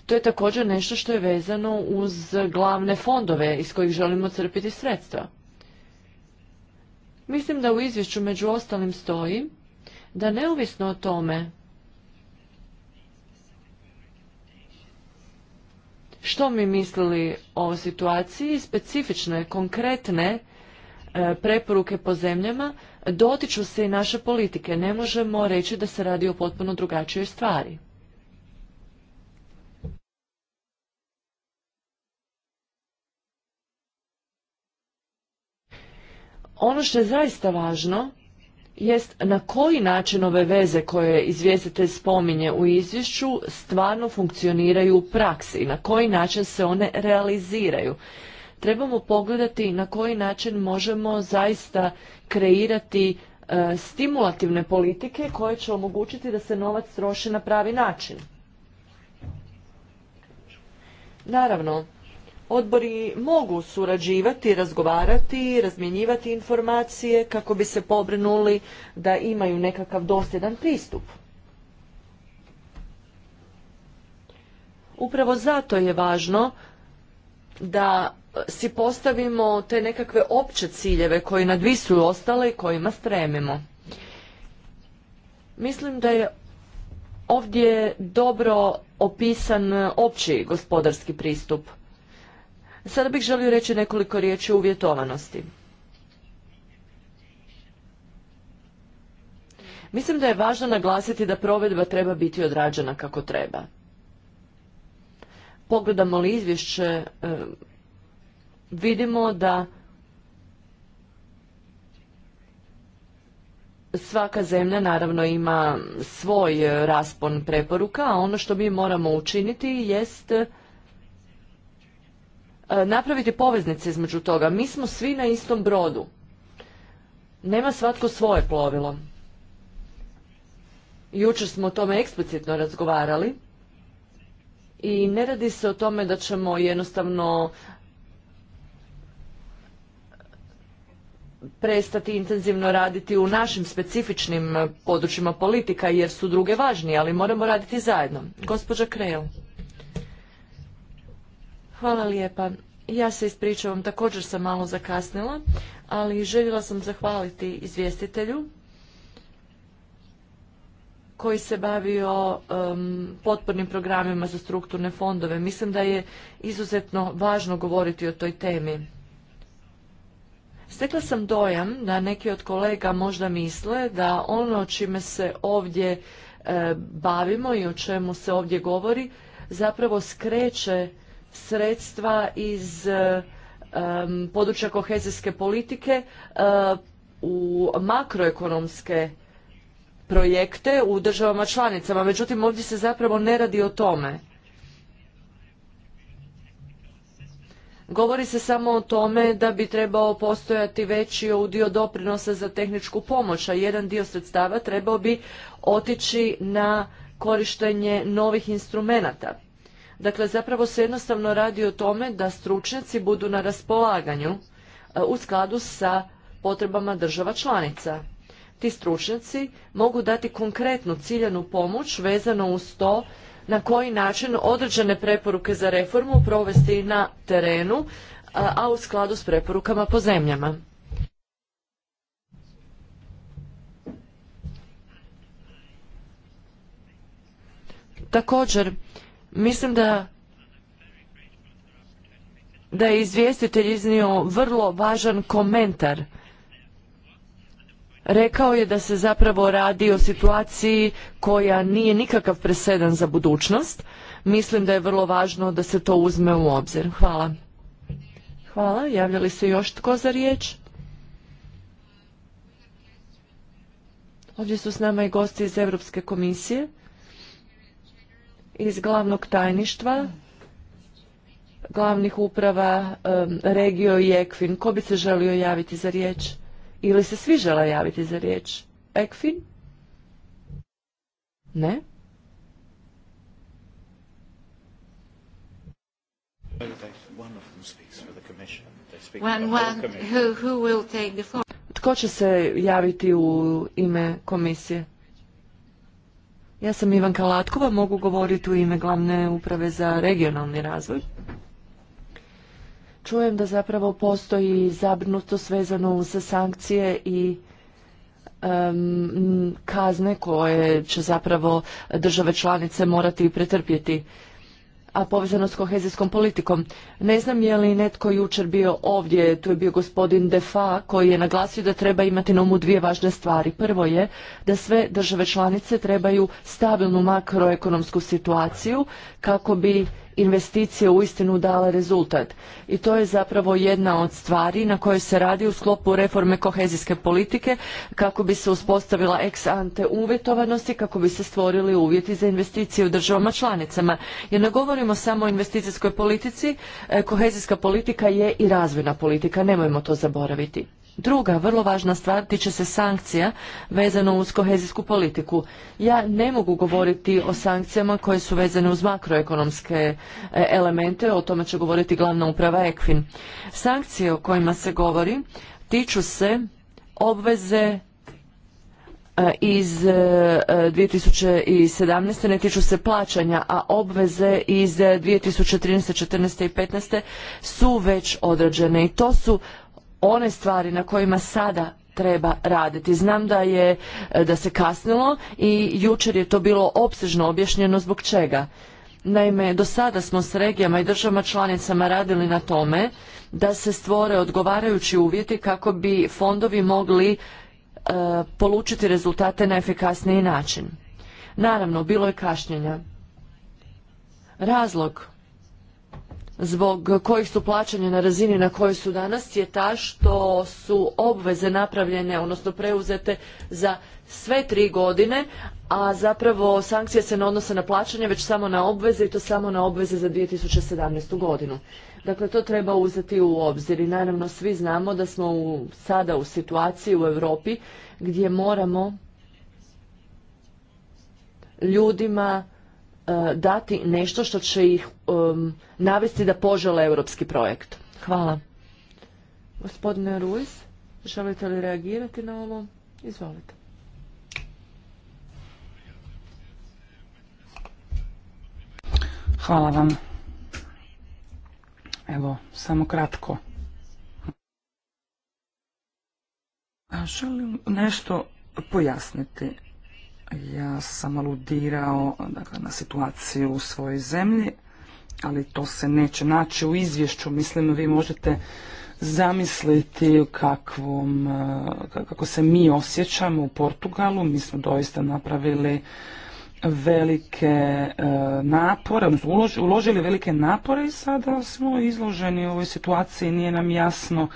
Speaker 3: To je također nešto što je vezano uz glavne fondove iz kojih želimo crpiti sredstva. Mislim da u izvješću među ostalim stoji da neovisno o tome što mi mislili o situaciji, specifične, konkretne e, preporuke po zemljama dotiču se i naše politike. Ne možemo reći da se radi o potpuno drugačijoj stvari. Ono što je zaista važno jest na koji način ove veze koje izvjestitelj spominje u izvješću stvarno funkcioniraju u praksi i na koji način se one realiziraju trebamo pogledati na koji način možemo zaista kreirati e, stimulativne politike koje će omogućiti da se novac troši na pravi način. Naravno, odbori mogu surađivati, razgovarati, razmjenjivati informacije kako bi se pobrinuli da imaju nekakav dosljedan pristup. Upravo zato je važno da si postavimo te nekakve opće ciljeve koji nadvisuju ostale i kojima stremimo. Mislim da je ovdje dobro opisan opći gospodarski pristup. Sada bih želio reći nekoliko riječi o uvjetovanosti. Mislim da je važno naglasiti da provedba treba biti odrađena kako treba. Pogledamo li izvješće e, vidimo da svaka zemlja naravno ima svoj raspon preporuka, a ono što mi moramo učiniti jest e, napraviti poveznice između toga. Mi smo svi na istom brodu. Nema svatko svoje plovilo. Jučer smo o tome eksplicitno razgovarali i ne radi se o tome da ćemo jednostavno prestati intenzivno raditi u našim specifičnim eh, područjima politika jer su druge važnije, ali moramo raditi zajedno. Gospođa Krejl. Hvala lijepa. Ja se ispričavam, također sam malo zakasnila, ali željela sam zahvaliti izvjestitelju koji se bavio potpornim programima za strukturne fondove. Mislim da je izuzetno važno govoriti o toj temi. Stekla sam dojam da neki od kolega možda misle da ono čime se ovdje e, bavimo i o čemu se ovdje govori zapravo skreće sredstva iz e, područja kohezijske politike e, u makroekonomske projekte u državama članicama. Međutim, ovdje se zapravo ne radi o tome. Govori se samo o tome da bi trebao postojati veći udio doprinosa za tehničku pomoć, a jedan dio sredstava trebao bi otići na korištenje novih instrumenata. Dakle, zapravo se jednostavno radi o tome da stručnjaci budu na raspolaganju e, u skladu sa potrebama država članica. Ti stručnjaci mogu dati konkretnu ciljanu pomoć vezano uz to na koji način određene preporuke za reformu provesti na terenu, a u skladu s preporukama po zemljama. Također, mislim da da je izvjestitelj iznio vrlo važan komentar rekao je da se zapravo radi o situaciji koja nije nikakav presedan za budućnost. Mislim da je vrlo važno da se to uzme u obzir. Hvala. Hvala. Javlja li se još tko za riječ? Ovdje su s nama i gosti iz Europske komisije, iz glavnog tajništva, glavnih uprava, regio i ekvin. Ko bi se želio javiti za riječ? Ili se svi žele javiti za riječ? Ekfin? Ne? Tko će se javiti u ime komisije? Ja sam Ivan Kalatkova, mogu govoriti u ime glavne uprave za regionalni razvoj čujem da zapravo postoji zabrinutost vezano sa sankcije i kazne koje će zapravo države članice morati pretrpjeti a povezano s kohezijskom politikom. Ne znam je li netko jučer bio ovdje, tu je bio gospodin Defa koji je naglasio da treba imati na umu dvije važne stvari. Prvo je da sve države članice trebaju stabilnu makroekonomsku situaciju kako bi investicije uistinu dale rezultat. I to je zapravo jedna od stvari na kojoj se radi u sklopu reforme kohezijske politike kako bi se uspostavila ex ante uvjetovanosti kako bi se stvorili uvjeti za investicije u državama članicama. Jer ne govorimo samo o investicijskoj politici, e, kohezijska politika je i razvojna politika, nemojmo to zaboraviti. Druga vrlo važna stvar tiče se sankcija vezano uz kohezijsku politiku. Ja ne mogu govoriti o sankcijama koje su vezane uz makroekonomske e, elemente, o tome će govoriti glavna uprava ECFIN. Sankcije o kojima se govori tiču se obveze e, iz 2017. E, ne tiču se plaćanja, a obveze iz 2013. 14. i 15. su već odrađene i to su one stvari na kojima sada treba raditi. Znam da je e, da se kasnilo i jučer je to bilo opsežno objašnjeno zbog čega. Naime, do sada smo s regijama i državama članicama radili na tome da se stvore odgovarajući uvjeti kako bi fondovi mogli e, polučiti rezultate na efikasniji način. Naravno, bilo je kašnjenja. Razlog zbog kojih su plaćanja na razini na kojoj su danas je ta što su obveze napravljene, odnosno preuzete za sve tri godine, a zapravo sankcije se ne odnose na plaćanje, već samo na obveze i to samo na obveze za 2017. godinu. Dakle, to treba uzeti u obzir i naravno svi znamo da smo u, sada u situaciji u Europi gdje moramo ljudima E, dati nešto što će ih navesti da požele europski projekt. Hvala. Gospodine Ruiz, želite li reagirati na ovo? Izvolite.
Speaker 2: Hvala vam. Evo, samo kratko. Želim nešto pojasniti. Ja sam aludirao dakle, na situaciju u svojoj zemlji, ali to se neće naći u izvješću. Mislim, vi možete zamisliti kakvom, e, kako se mi osjećamo u Portugalu. Mi smo doista napravili velike e, napore, uložili velike napore i sada smo izloženi u ovoj situaciji. Nije nam jasno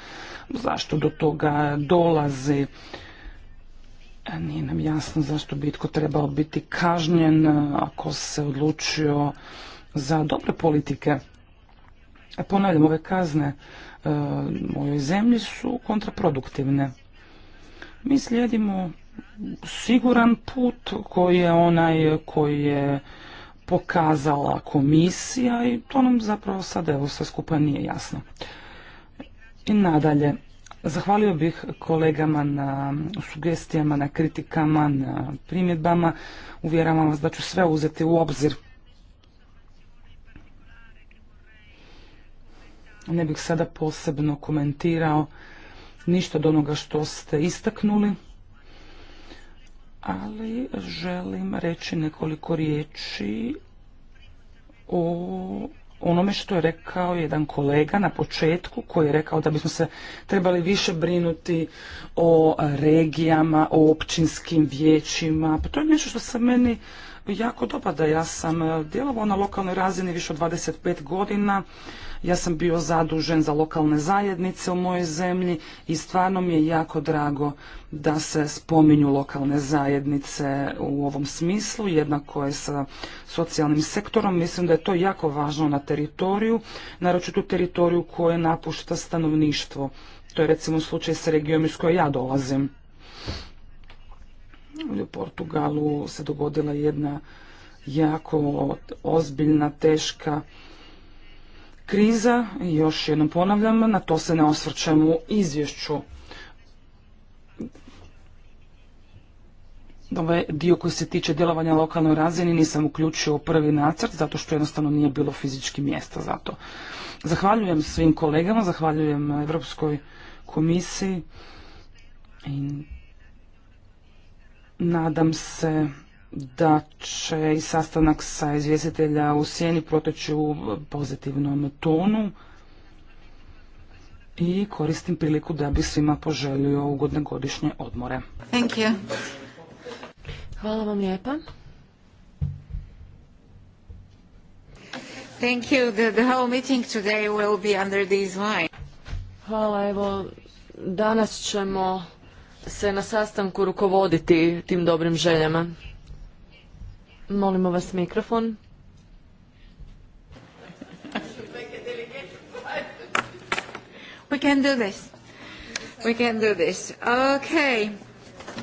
Speaker 2: zašto do toga dolazi. E, nije nam jasno zašto bi itko trebao biti kažnjen e, ako se odlučio za dobre politike. E, ponavljam, ove kazne u mojoj zemlji su kontraproduktivne. Mi slijedimo siguran put koji je onaj koji je pokazala komisija i to nam zapravo sad evo sve skupa nije jasno. I nadalje, Zahvalio bih kolegama na sugestijama, na kritikama, na primjedbama. Uvjeravam vas da ću sve uzeti u obzir. Ne bih sada posebno komentirao ništa od onoga što ste istaknuli, ali želim reći nekoliko riječi o onome što je rekao jedan kolega na početku koji je rekao da bismo se trebali više brinuti o regijama, o općinskim vijećima. Pa to je nešto što se meni jako dobar da ja sam e, djelovao na lokalnoj razini više od 25 godina. Ja sam bio zadužen za lokalne zajednice u mojoj zemlji i stvarno mi je jako drago da se spominju lokalne zajednice u ovom smislu, jednako je sa socijalnim sektorom. Mislim da je to jako važno na teritoriju, naročito teritoriju koje napušta stanovništvo. To je recimo slučaj sa regijom iz koje ja dolazim u Portugalu se dogodila jedna jako ozbiljna, teška kriza i još jednom ponavljam, na to se ne osvrćemo u izvješću. Ovaj dio koji se tiče djelovanja lokalnoj razini nisam uključio u prvi nacrt zato što jednostavno nije bilo fizički mjesta za to. Zahvaljujem svim kolegama, zahvaljujem Europskoj komisiji i Nadam se da će i sastanak sa izvjestitelja u sjeni proteći u pozitivnom tonu i koristim priliku da bi svima poželio ugodne godišnje odmore.
Speaker 3: Thank you. Hvala vam lijepa. Thank you. The, the whole meeting today will be under Hvala, evo, danas ćemo se na sastanku rukovoditi tim dobrim željama. Molimo vas mikrofon.
Speaker 1: We can do this. We can do this. Okay.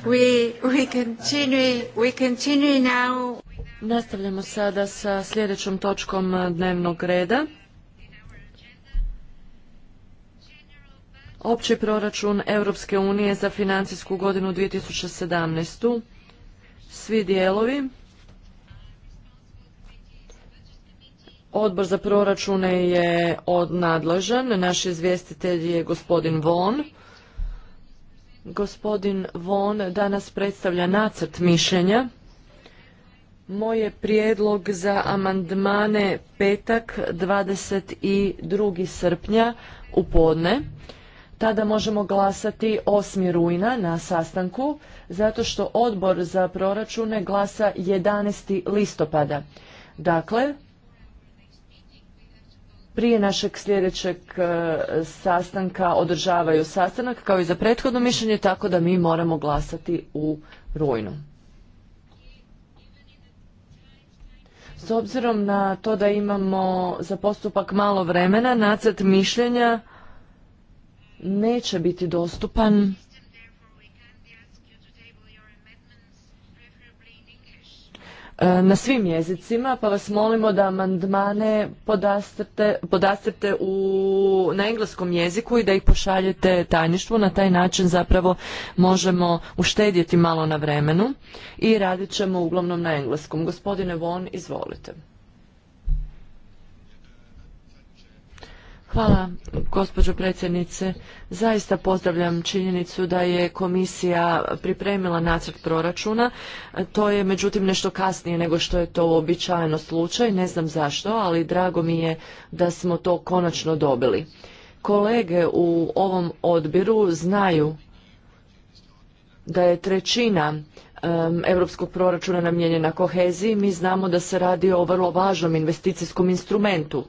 Speaker 1: We, we continue,
Speaker 3: we continue now. Nastavljamo sada sa sljedećom točkom dnevnog reda. Opći proračun Europske unije za financijsku godinu 2017. Svi dijelovi. Odbor za proračune je odnadležan. Naš izvjestitelj je gospodin Von. Gospodin Von danas predstavlja nacrt mišljenja. Moj je prijedlog za amandmane petak 22. srpnja u podne tada možemo glasati 8. rujna na sastanku, zato što odbor za proračune glasa 11. listopada. Dakle, prije našeg sljedećeg e, sastanka održavaju sastanak kao i za prethodno mišljenje, tako da mi moramo glasati u rujnu. S obzirom na to da imamo za postupak malo vremena, nacrt mišljenja neće biti dostupan e, na svim jezicima, pa vas molimo da amandmane podastrte, u, na engleskom jeziku i da ih pošaljete tajništvu. Na taj način zapravo možemo uštedjeti malo na vremenu i radit ćemo uglavnom na engleskom. Gospodine Von, izvolite. Hvala, gospođo predsjednice. Zaista pozdravljam činjenicu da je komisija pripremila nacrt proračuna. To je međutim nešto kasnije nego što je to uobičajeno slučaj, ne znam zašto, ali drago mi je da smo to konačno dobili. Kolege u ovom odbiru znaju da je trećina evropskog proračuna namijenjena koheziji. Mi znamo da se radi o vrlo važnom investicijskom instrumentu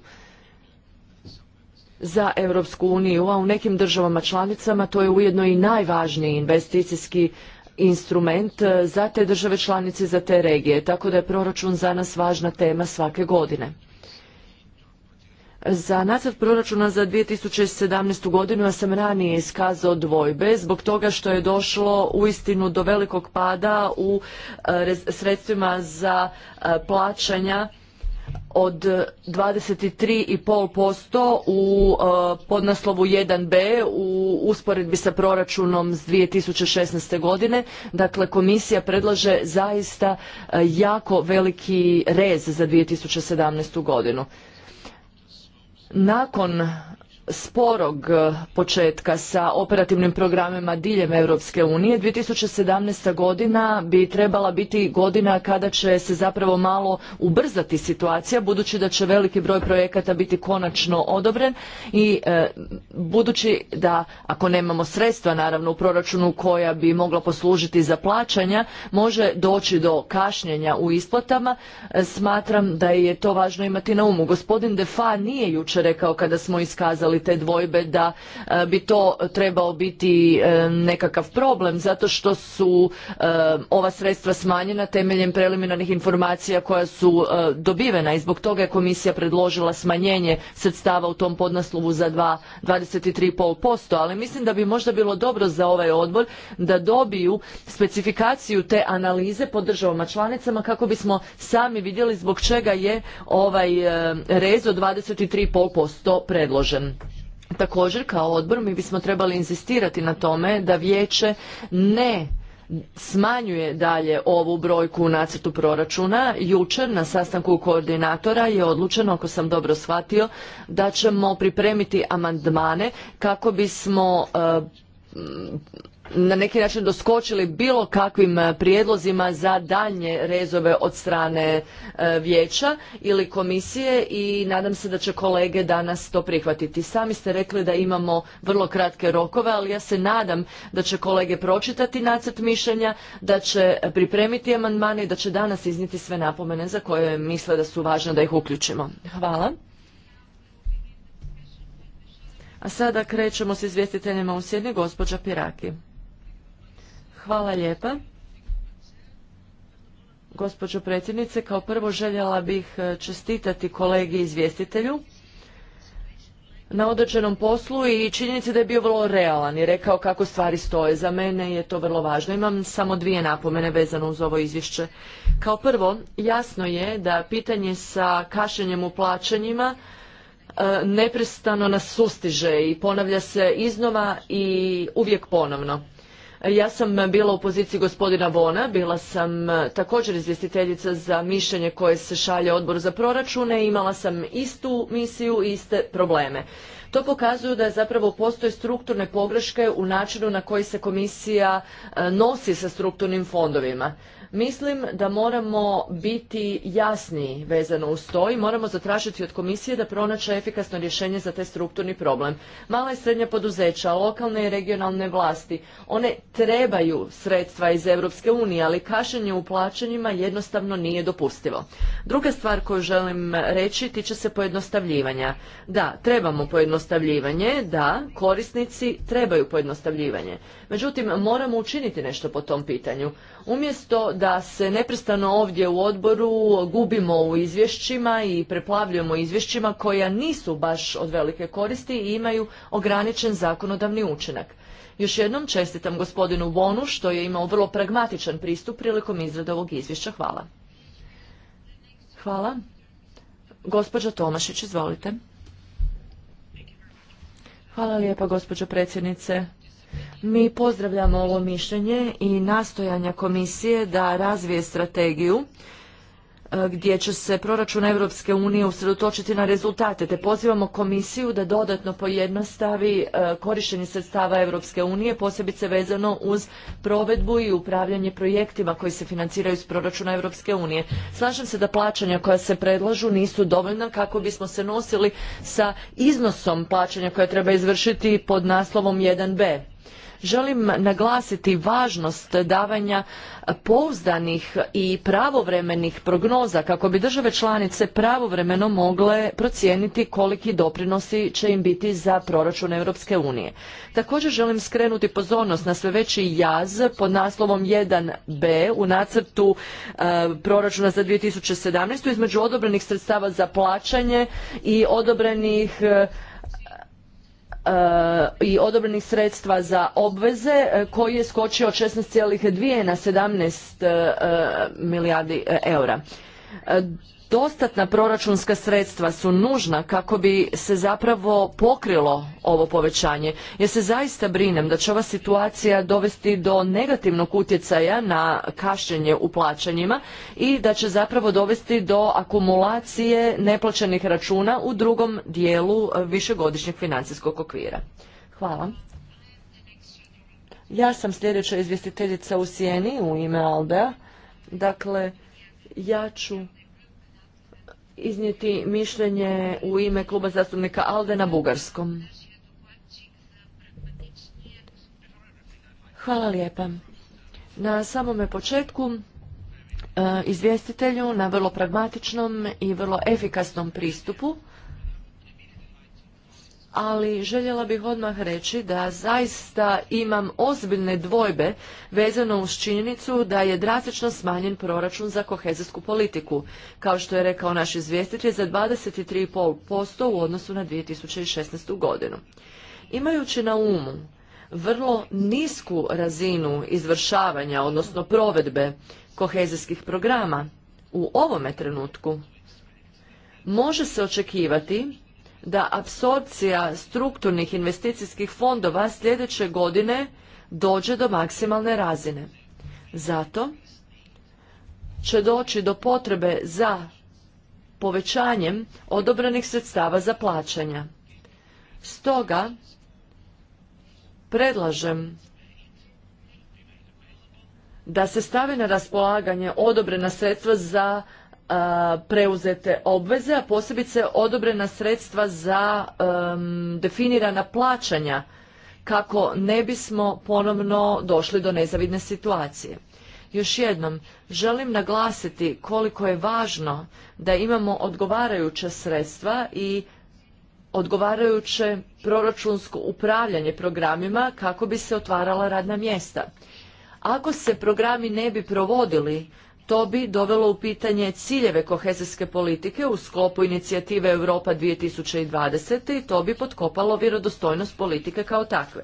Speaker 3: za Europsku uniju, a u nekim državama članicama to je ujedno i najvažniji investicijski instrument e, za te države članice, za te regije, tako da je proračun za nas važna tema svake godine. Za nacrt proračuna za 2017. godinu ja sam ranije iskazao dvojbe zbog toga što je došlo uistinu do velikog pada u e, sredstvima za e, plaćanja od 23,5% u e, podnaslovu 1b u usporedbi sa proračunom s 2016. godine. Dakle, komisija predlaže zaista e, jako veliki rez za 2017. godinu. Nakon sporog e, početka sa operativnim programima diljem Europske unije. 2017. godina bi trebala biti godina kada će se zapravo malo ubrzati situacija budući da će veliki broj projekata biti konačno odobren i e, budući da ako nemamo sredstva naravno u proračunu koja bi mogla poslužiti za plaćanja može doći do kašnjenja u isplatama. E, smatram da je to važno imati na umu. Gospodin Defa nije jučer rekao kada smo iskazali imali te dvojbe da e, bi to trebao biti e, nekakav problem zato što su e, ova sredstva smanjena temeljem preliminarnih informacija koja su dobivena i zbog toga je komisija predložila smanjenje sredstava u tom podnaslovu za 23,5%, ali mislim da bi možda bilo dobro za ovaj odbor da dobiju specifikaciju te analize po državama članicama kako bismo sami vidjeli zbog čega je ovaj rez od 23,5% predložen. Također kao odbor mi bismo trebali inzistirati na tome da vijeće ne smanjuje dalje ovu brojku u nacrtu proračuna. Jučer na sastanku koordinatora je odlučeno, ako sam dobro shvatio, da ćemo pripremiti amandmane kako bismo e, na neki način doskočili bilo kakvim e, prijedlozima za daljnje rezove od strane e, vijeća ili komisije i nadam se da će kolege danas to prihvatiti. Sami ste rekli da imamo vrlo kratke rokove, ali ja se nadam da će kolege pročitati nacrt mišljenja, da će pripremiti amandmane i da će danas iznijeti sve napomene za koje misle da su važne da ih uključimo. Hvala. A sada krećemo s izvjestiteljima u sjedni, gospođa Piraki. Hvala lijepa. Gospođo predsjednice, kao prvo željela bih e, čestitati kolegi izvjestitelju na određenom poslu i činjenici da je bio vrlo realan i rekao kako stvari stoje. Za mene je to vrlo važno. Imam samo dvije napomene vezano uz ovo izvješće. Kao prvo, jasno je da pitanje sa kašenjem u plaćanjima e, neprestano nas sustiže i ponavlja se iznova i uvijek ponovno. Ja sam bila u poziciji gospodina Vona, bila sam e, također izvjestiteljica za mišljenje koje se šalje odboru za proračune, imala sam istu misiju i iste probleme. To pokazuju da zapravo postoje strukturne pogreške u načinu na koji se komisija e, nosi sa strukturnim fondovima. Mislim da moramo biti jasniji vezano uz to i moramo zatražiti od komisije da pronače efikasno rješenje za taj strukturni problem. Mala i srednja poduzeća, lokalne i regionalne vlasti, one trebaju sredstva iz Europske unije, ali kašenje u plaćanjima jednostavno nije dopustivo. Druga stvar koju želim reći tiče se pojednostavljivanja. Da, trebamo pojednostavljivanje, da, korisnici trebaju pojednostavljivanje. Međutim, moramo učiniti nešto po tom pitanju. Umjesto da se neprestano ovdje u odboru gubimo u izvješćima i preplavljujemo izvješćima koja nisu baš od velike koristi i imaju ograničen zakonodavni učinak. Još jednom čestitam gospodinu Bonu što je imao vrlo pragmatičan pristup prilikom izrade ovog izvješća. Hvala. Hvala. Tomašić, izvolite. Hvala lijepa, gospođo predsjednice. Mi pozdravljamo ovo mišljenje i nastojanja komisije da razvije strategiju e, gdje će se proračun Europske unije usredotočiti na rezultate, te pozivamo komisiju da dodatno pojednostavi e, korištenje sredstava Europske unije, posebice vezano uz provedbu i upravljanje projektima koji se financiraju iz proračuna Europske unije. Slažem se da plaćanja koja se predlažu nisu dovoljna kako bismo se nosili sa iznosom plaćanja koje treba izvršiti pod naslovom 1b Želim naglasiti važnost davanja pouzdanih i pravovremenih prognoza kako bi države članice pravovremeno mogle procijeniti koliki doprinosi će im biti za proračun Europske unije. Također želim skrenuti pozornost na sve veći jaz pod naslovom 1b u nacrtu e, proračuna za 2017. između odobrenih sredstava za plaćanje i odobrenih e, i odobrenih sredstva za obveze e, koji je skočio od 16,2 na 17 e, e, milijardi eura. Dostatna proračunska sredstva su nužna kako bi se zapravo pokrilo ovo povećanje. Ja se zaista brinem da će ova situacija dovesti do negativnog utjecaja na kašnjenje u plaćanjima i da će zapravo dovesti do akumulacije neplaćenih računa u drugom dijelu e, višegodišnjeg financijskog okvira. Hvala. Ja sam sljedeća izvjestiteljica u Sijeni u ime Albea. Dakle, ja ću iznijeti mišljenje u ime kluba zastupnika Alde na bugarskom. Hvala lijepa. Na samome početku e, izvjestitelju na vrlo pragmatičnom i vrlo efikasnom pristupu ali željela bih odmah reći da zaista imam ozbiljne dvojbe vezano uz činjenicu da je drastično smanjen proračun za kohezijsku politiku, kao što je rekao naš izvjestitelj, za 23,5% u odnosu na 2016. godinu. Imajući na umu vrlo nisku razinu izvršavanja, odnosno provedbe kohezijskih programa, u ovome trenutku može se očekivati da apsorpcija strukturnih investicijskih fondova sljedeće godine dođe do maksimalne razine. Zato će doći do potrebe za povećanjem odobrenih sredstava za plaćanja. Stoga predlažem da se stavi na raspolaganje odobrena sredstva za preuzete obveze, a posebice odobrena sredstva za definirana plaćanja kako ne bismo ponovno došli do nezavidne situacije. Još jednom, želim naglasiti koliko je važno da imamo odgovarajuća sredstva i odgovarajuće proračunsko upravljanje programima kako bi se otvarala radna mjesta. Ako se programi ne bi provodili, to bi dovelo u pitanje ciljeve kohezijske politike u sklopu inicijative Europa 2020. i to bi potkopalo vjerodostojnost politike kao takve.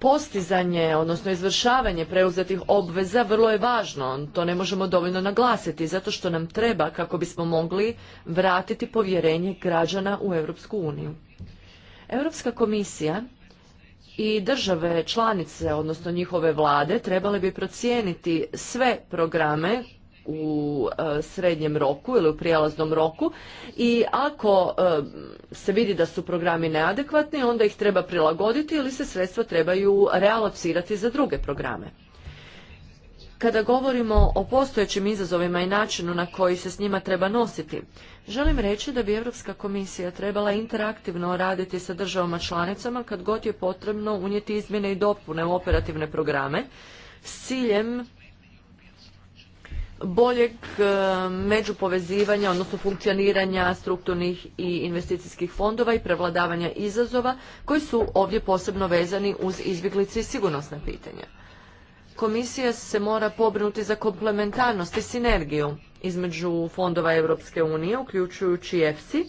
Speaker 3: Postizanje, odnosno izvršavanje preuzetih obveza vrlo je važno, to ne možemo dovoljno naglasiti, zato što nam treba kako bismo mogli vratiti povjerenje građana u Europsku uniju. Europska komisija i države članice, odnosno njihove vlade, trebale bi procijeniti sve programe u e, srednjem roku ili u prijelaznom roku i ako e, se vidi da su programi neadekvatni, onda ih treba prilagoditi ili se sredstva trebaju realocirati za druge programe kada govorimo o postojećim izazovima i načinu na koji se s njima treba nositi, želim reći da bi Europska komisija trebala interaktivno raditi sa državama članicama kad god je potrebno unijeti izmjene i dopune u operativne programe s ciljem boljeg e, međupovezivanja, odnosno funkcioniranja strukturnih i investicijskih fondova i prevladavanja izazova koji su ovdje posebno vezani uz izbjeglice i sigurnosna pitanja komisija se mora pobrinuti za komplementarnost i sinergiju između fondova Europske unije, uključujući EFSI,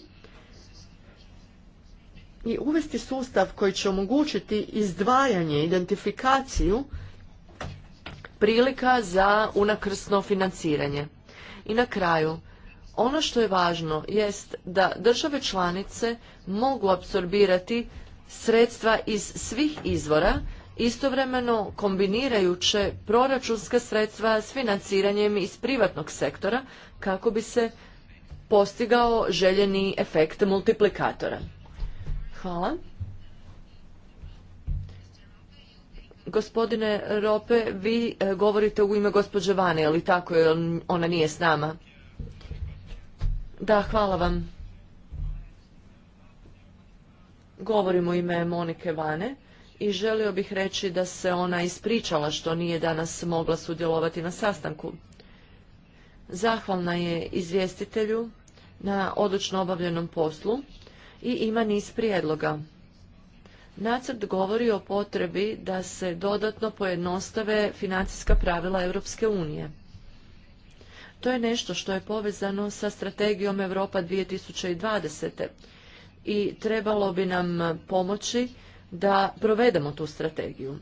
Speaker 3: i uvesti sustav koji će omogućiti izdvajanje, identifikaciju prilika za unakrsno financiranje. I na kraju, ono što je važno jest da države članice mogu apsorbirati sredstva iz svih izvora istovremeno kombinirajuće proračunska sredstva s financiranjem iz privatnog sektora kako bi se postigao željeni efekt multiplikatora. Hvala. Gospodine Rope, vi e, govorite u ime gospođe Vane, ali tako je, ona nije s nama. Da, hvala vam. Govorim u ime Monike Vane i želio bih reći da se ona ispričala što nije danas mogla sudjelovati na sastanku. Zahvalna je izvjestitelju na odlično obavljenom poslu i ima niz prijedloga. Nacrt govori o potrebi da se dodatno pojednostave financijska pravila Europske unije. To je nešto što je povezano sa strategijom Europa 2020. i trebalo bi nam pomoći da provedemo tu strategiju.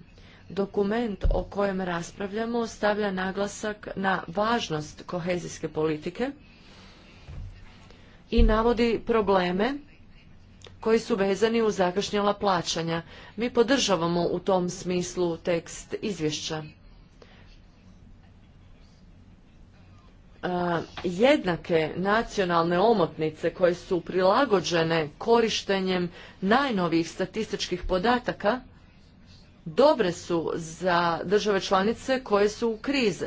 Speaker 3: Dokument o kojem raspravljamo stavlja naglasak na važnost kohezijske politike i navodi probleme koji su vezani uz zakašnjela plaćanja. Mi podržavamo u tom smislu tekst izvješća. E, jednake nacionalne omotnice koje su prilagođene korištenjem najnovijih statističkih podataka dobre su za države članice koje su u krize,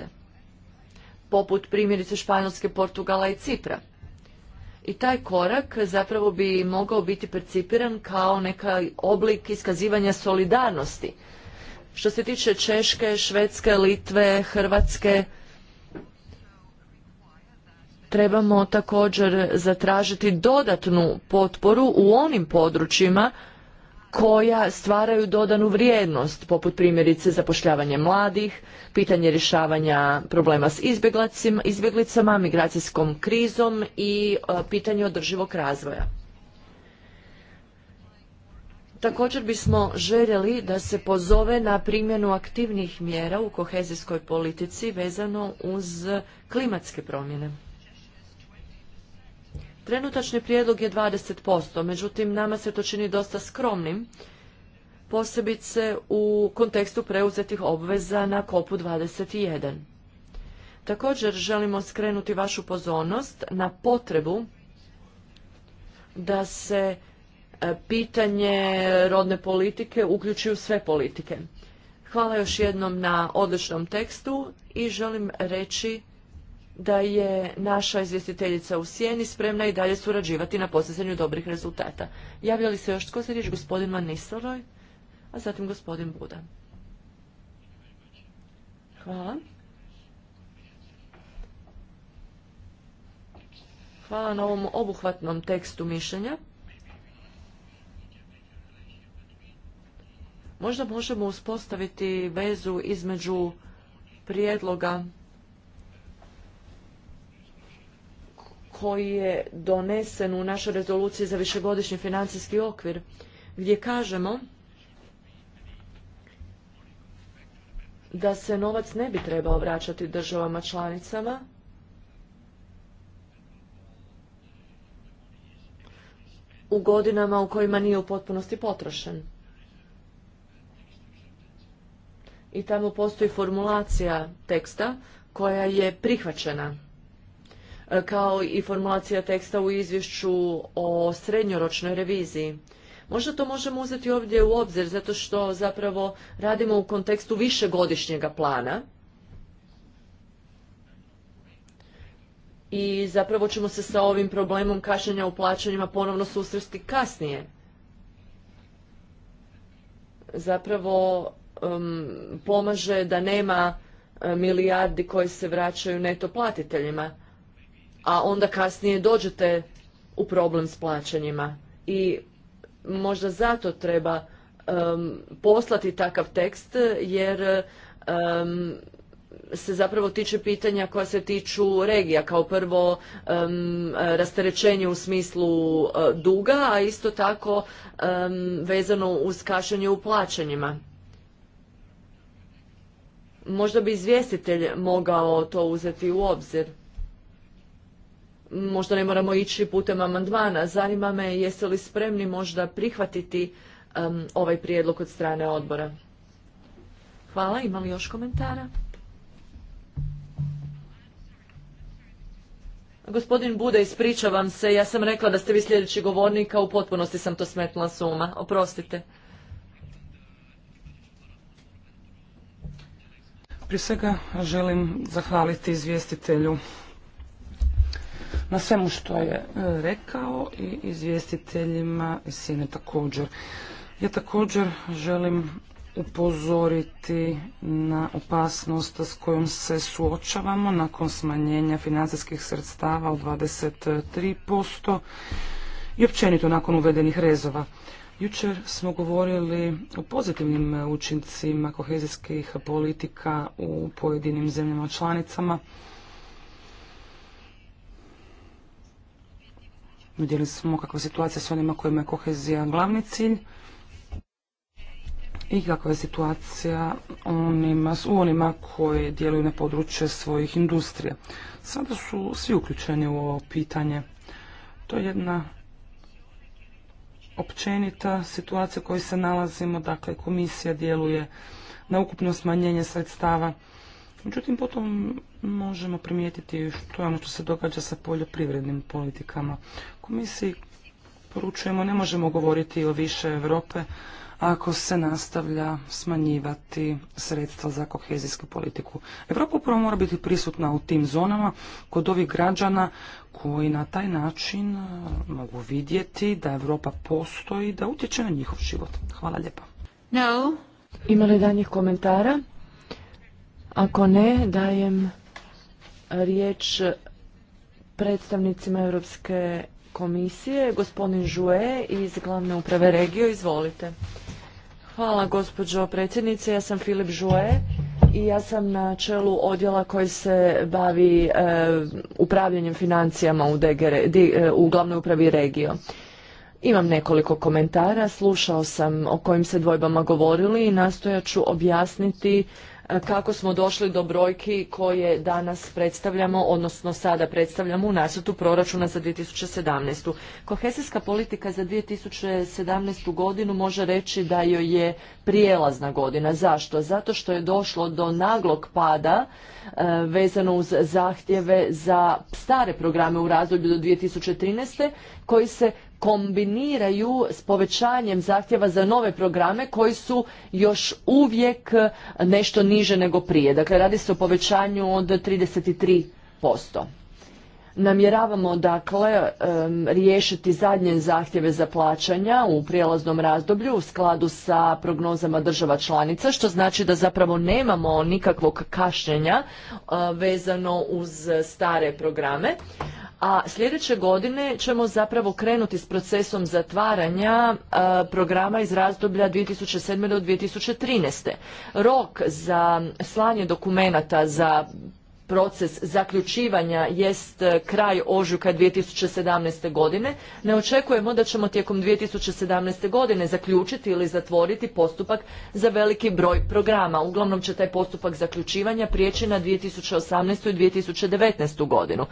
Speaker 3: poput primjerice Španjolske, Portugala i Cipra. I taj korak zapravo bi mogao biti percipiran kao neka oblik iskazivanja solidarnosti. Što se tiče Češke, Švedske, Litve, Hrvatske, trebamo također zatražiti dodatnu potporu u onim područjima koja stvaraju dodanu vrijednost, poput primjerice zapošljavanje mladih, pitanje rješavanja problema s izbjeglicama, migracijskom krizom i e, pitanje održivog razvoja. Također bismo željeli da se pozove na primjenu aktivnih mjera u kohezijskoj politici vezano uz klimatske promjene. Trenutačni prijedlog je 20%, međutim nama se to čini dosta skromnim, posebice u kontekstu preuzetih obveza na kopu 21. Također želimo skrenuti vašu pozornost na potrebu da se e, pitanje rodne politike uključi u sve politike. Hvala još jednom na odličnom tekstu i želim reći da je naša izvjestiteljica u sjeni spremna i dalje surađivati na postizanju dobrih rezultata. Javlja li se još tko za riječ? Gospodin a zatim gospodin Buda. Hvala. Hvala na ovom obuhvatnom tekstu mišljenja. Možda možemo uspostaviti vezu između prijedloga koji je donesen u našoj rezoluciji za višegodišnji financijski okvir, gdje kažemo da se novac ne bi trebao vraćati državama članicama, u godinama u kojima nije u potpunosti potrošen. I tamo postoji formulacija teksta koja je prihvaćena E, kao i formulacija teksta u izvješću o srednjoročnoj reviziji. Možda to možemo uzeti ovdje u obzir, zato što zapravo radimo u kontekstu višegodišnjega plana. I zapravo ćemo se sa ovim problemom kašnjenja u plaćanjima ponovno susresti kasnije. Zapravo pomaže da nema e, milijardi koji se vraćaju neto platiteljima a onda kasnije dođete u problem s plaćanjima. I možda zato treba poslati takav tekst jer se zapravo tiče pitanja koja se tiču regija. Kao prvo um, rasterećenje u smislu e, duga, a isto tako vezano uz kašanje u plaćanjima. Možda bi izvjestitelj mogao to uzeti u obzir možda ne moramo ići putem amandmana. Zanima me jeste li spremni možda prihvatiti ovaj prijedlog od strane odbora. Hvala, ima li još komentara? Gospodin Buda, ispričavam se, ja sam rekla da ste vi sljedeći govornik, a u potpunosti sam to smetnula suma. Oprostite.
Speaker 2: Prije svega želim zahvaliti izvjestitelju na svemu što je e, rekao i izvjestiteljima i sine također. Ja također želim upozoriti na opasnost s kojom se suočavamo nakon smanjenja financijskih sredstava od 23% i općenito nakon uvedenih rezova. Jučer smo govorili o pozitivnim učincima kohezijskih politika u pojedinim zemljama članicama Vidjeli smo kakva je situacija s onima kojima je kohezija glavni cilj i kakva je situacija onima, u onima koji djeluju na područje svojih industrija. Sada su svi uključeni u ovo pitanje. To je jedna općenita situacija u kojoj se nalazimo, dakle komisija djeluje na ukupno smanjenje sredstava. Međutim, potom možemo primijetiti što je ono što se događa sa poljoprivrednim politikama. Komisiji poručujemo ne možemo govoriti o više Europe ako se nastavlja smanjivati sredstva za kohezijsku politiku. Europa upravo mora biti prisutna u tim zonama kod ovih građana koji na taj način e, mogu vidjeti da Europa postoji, da utječe na njihov život. Hvala lijepa. No.
Speaker 3: Ima li danjih komentara? Ako ne, dajem riječ predstavnicima Europske komisije, gospodin Žue iz glavne uprave regio, izvolite. Hvala gospođo predsjednice, ja sam Filip Žue i ja sam na čelu odjela koji se bavi e, upravljanjem financijama u, e, glavnoj upravi regio. Imam nekoliko komentara, slušao sam o kojim se dvojbama govorili i nastojaću ću objasniti kako smo došli do brojki koje danas predstavljamo, odnosno sada predstavljamo u nacrtu proračuna za 2017. kohezijska politika za 2017. godinu može reći da joj je prijelazna godina. Zašto? Zato što je došlo do naglog pada e, vezano uz zahtjeve za stare programe u razdoblju do 2013. koji se kombiniraju s povećanjem zahtjeva za nove programe koji su još uvijek e, nešto niže nego prije. Dakle, radi se o povećanju od 33%. Namjeravamo dakle e, riješiti zadnje zahtjeve za plaćanja u prijelaznom razdoblju u skladu sa prognozama država članica, što znači da zapravo nemamo nikakvog kašnjenja e, vezano uz stare programe a sljedeće godine ćemo zapravo krenuti s procesom zatvaranja programa iz razdoblja 2007. do 2013. Rok za slanje dokumenata za proces zaključivanja jest e, kraj ožujka 2017. godine, ne očekujemo da ćemo tijekom 2017. godine zaključiti ili zatvoriti postupak za veliki broj programa. Uglavnom će taj postupak zaključivanja prijeći na 2018. i 2019. godinu.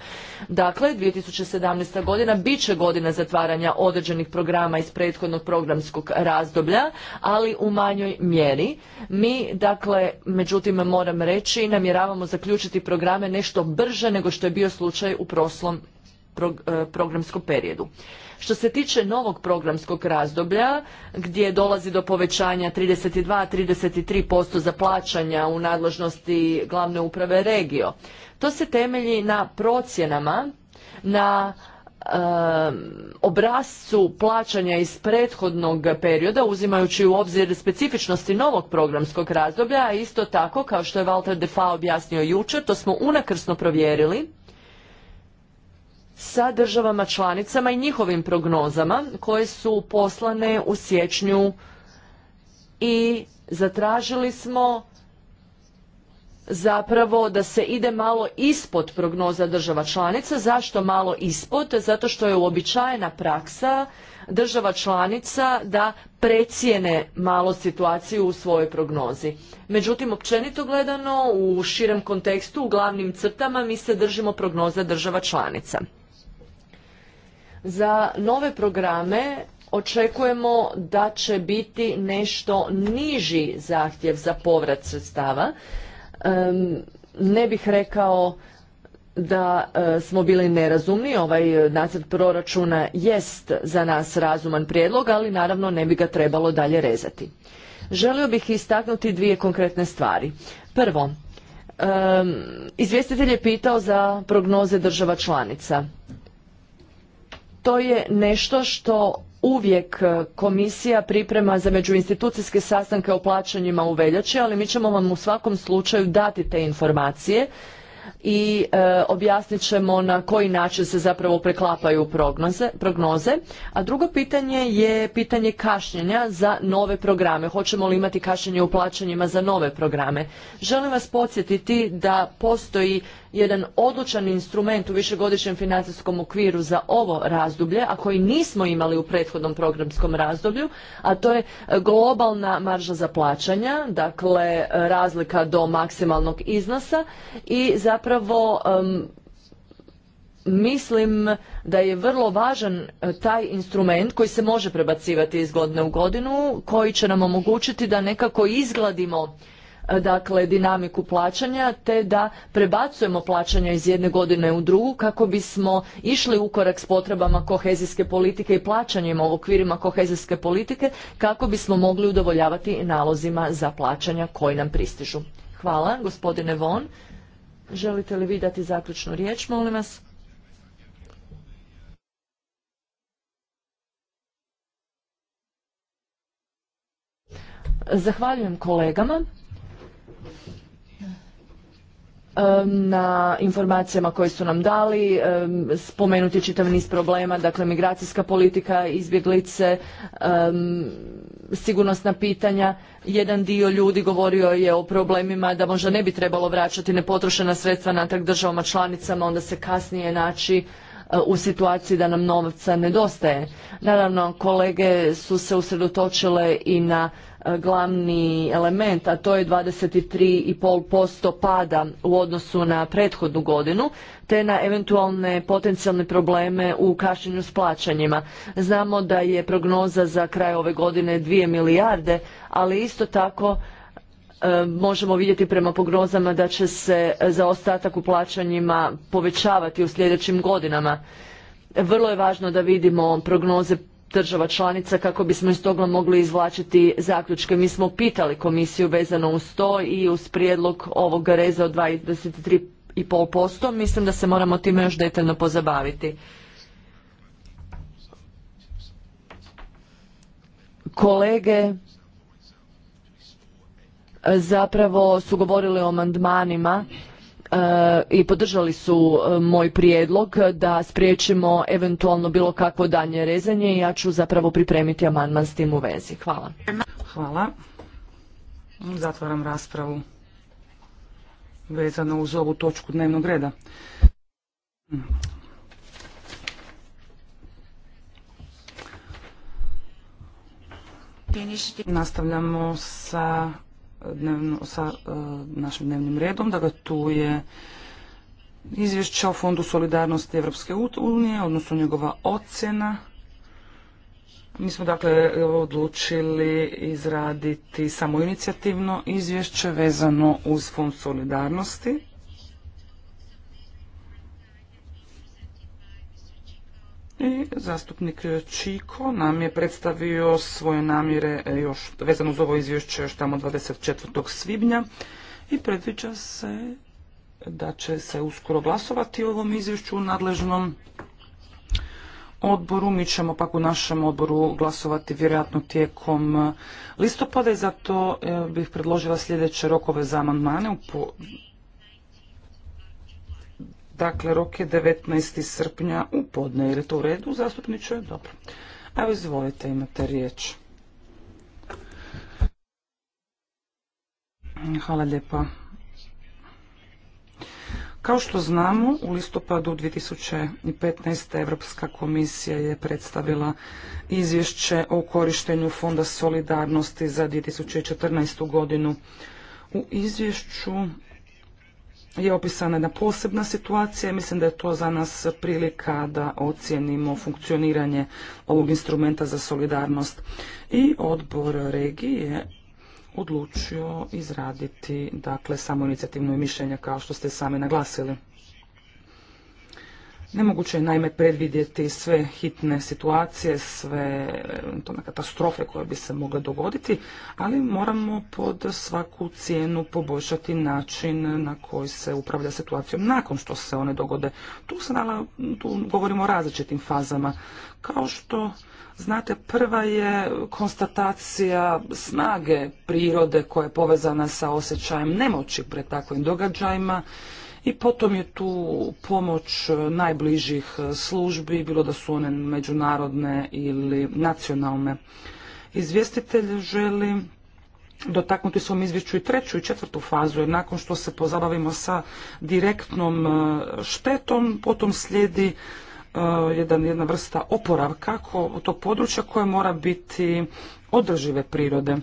Speaker 3: Dakle, 2017. godina bit će godina zatvaranja određenih programa iz prethodnog programskog razdoblja, ali u manjoj mjeri. Mi, dakle, međutim moram reći, namjeravamo zaključiti program programe nešto brže nego što je bio slučaj u proslom e, programskom periodu. Što se tiče novog programskog razdoblja, gdje dolazi do povećanja 32-33% za plaćanja u nadležnosti glavne uprave regio, to se temelji na procjenama, na Um, obrascu plaćanja iz prethodnog perioda uzimajući u obzir specifičnosti novog programskog razdoblja, a isto tako kao što je Walter Defa objasnio jučer, to smo unakrsno provjerili sa državama članicama i njihovim prognozama koje su poslane u siječnju i zatražili smo zapravo da se ide malo ispod prognoza država članica. Zašto malo ispod? Zato što je uobičajena praksa država članica da precijene malo situaciju u svojoj prognozi. Međutim, općenito gledano u širem kontekstu, u glavnim crtama, mi se držimo prognoza država članica. Za nove programe očekujemo da će biti nešto niži zahtjev za povrat sredstava ne bih rekao da e, smo bili nerazumni, ovaj e, nacrt proračuna jest za nas razuman prijedlog, ali naravno ne bi ga trebalo dalje rezati. Želio bih istaknuti dvije konkretne stvari. Prvo, izvjestitelj je pitao za prognoze država članica. To je nešto što uvijek e, komisija priprema za međuinstitucijske sastanke o plaćanjima u veljači, ali mi ćemo vam u svakom slučaju dati te informacije i e, objasnit ćemo na koji način se zapravo preklapaju prognoze, prognoze. A drugo pitanje je pitanje kašnjenja za nove programe. Hoćemo li imati kašnjenje u plaćanjima za nove programe? Želim vas podsjetiti da postoji jedan odlučan instrument u višegodišnjem financijskom okviru za ovo razdoblje, a koji nismo imali u prethodnom programskom razdoblju, a to je e, globalna marža za plaćanja, dakle e, razlika do maksimalnog iznosa i zapravo mislim da je vrlo važan e, taj instrument koji se može prebacivati iz godine u godinu, koji će nam omogućiti da nekako izgladimo E, dakle dinamiku plaćanja te da prebacujemo plaćanja iz jedne godine u drugu kako bismo išli u korak s potrebama kohezijske politike i plaćanjima u okvirima kohezijske politike kako bismo mogli udovoljavati nalozima za plaćanja koji nam pristižu. Hvala, gospodine Von. Želite li vi dati zaključnu riječ, molim vas? Zahvaljujem kolegama na informacijama koje su nam dali, spomenuti čitav niz problema, dakle migracijska politika, izbjeglice, sigurnosna pitanja. Jedan dio ljudi govorio je o problemima da možda ne bi trebalo vraćati nepotrošena sredstva natrag državama članicama, onda se kasnije naći e, u situaciji da nam novca nedostaje. Naravno, kolege su se usredotočile i na glavni element, a to je 23,5% pada u odnosu na prethodnu godinu, te na eventualne potencijalne probleme u kašnjenju s plaćanjima. Znamo da je prognoza za kraj ove godine 2 milijarde, ali isto tako e, možemo vidjeti prema prognozama da će se zaostatak u plaćanjima povećavati u sljedećim godinama. Vrlo je važno da vidimo prognoze država članica kako bismo iz toga mogli izvlačiti zaključke. Mi smo pitali komisiju vezano uz to i uz prijedlog ovog reza od 23,5%. Mislim da se moramo time još detaljno pozabaviti. Kolege zapravo su govorili o amandmanima E, i podržali su e, moj prijedlog da spriječimo eventualno bilo kakvo danje rezanje i ja ću zapravo pripremiti amandman s tim u vezi. Hvala.
Speaker 2: Hvala. Zatvaram raspravu vezano uz ovu točku dnevnog reda. Nastavljamo sa dnevno, sa e, našim dnevnim redom, da dakle, ga tu je izvješće o Fondu solidarnosti Evropske unije, odnosno njegova ocjena. Mi smo dakle odlučili izraditi samoinicijativno izvješće vezano uz Fond solidarnosti. I zastupnik Čiko nam je predstavio svoje namjere e, još vezano uz ovo izvješće još tamo 24. svibnja i predviđa se da će se uskoro glasovati o ovom izvješću u nadležnom odboru. Mi ćemo pak u našem odboru glasovati vjerojatno tijekom listopada i zato e, bih predložila sljedeće rokove za amandmane. Dakle, rok je 19. srpnja u podne. Je to u redu, zastupniče? Dobro. Evo, izvolite, imate riječ. Hvala lijepa. Kao što znamo, u listopadu 2015. Europska komisija je predstavila izvješće o korištenju Fonda solidarnosti za 2014. godinu. U izvješću je opisana jedna posebna situacija i mislim da je to za nas prilika da ocijenimo funkcioniranje ovog instrumenta za solidarnost. I odbor regije je odlučio izraditi dakle samo inicijativno mišljenje kao što ste sami naglasili. Nemoguće je naime predvidjeti sve hitne situacije, sve eventualne katastrofe koje bi se mogle dogoditi, ali moramo pod svaku cijenu poboljšati način na koji se upravlja situacijom nakon što se one dogode. Tu, se, tu govorimo o različitim fazama. Kao što znate, prva je konstatacija snage prirode koja je povezana sa osjećajem nemoći pred takvim događajima, i potom je tu pomoć e, najbližih e, službi, bilo da su one međunarodne ili nacionalne. Izvjestitelj želi dotaknuti svom izvješću i treću i četvrtu fazu, jer nakon što se pozabavimo sa direktnom e, štetom, potom slijedi jedan, jedna vrsta oporavka tog područja koje mora biti održive prirode.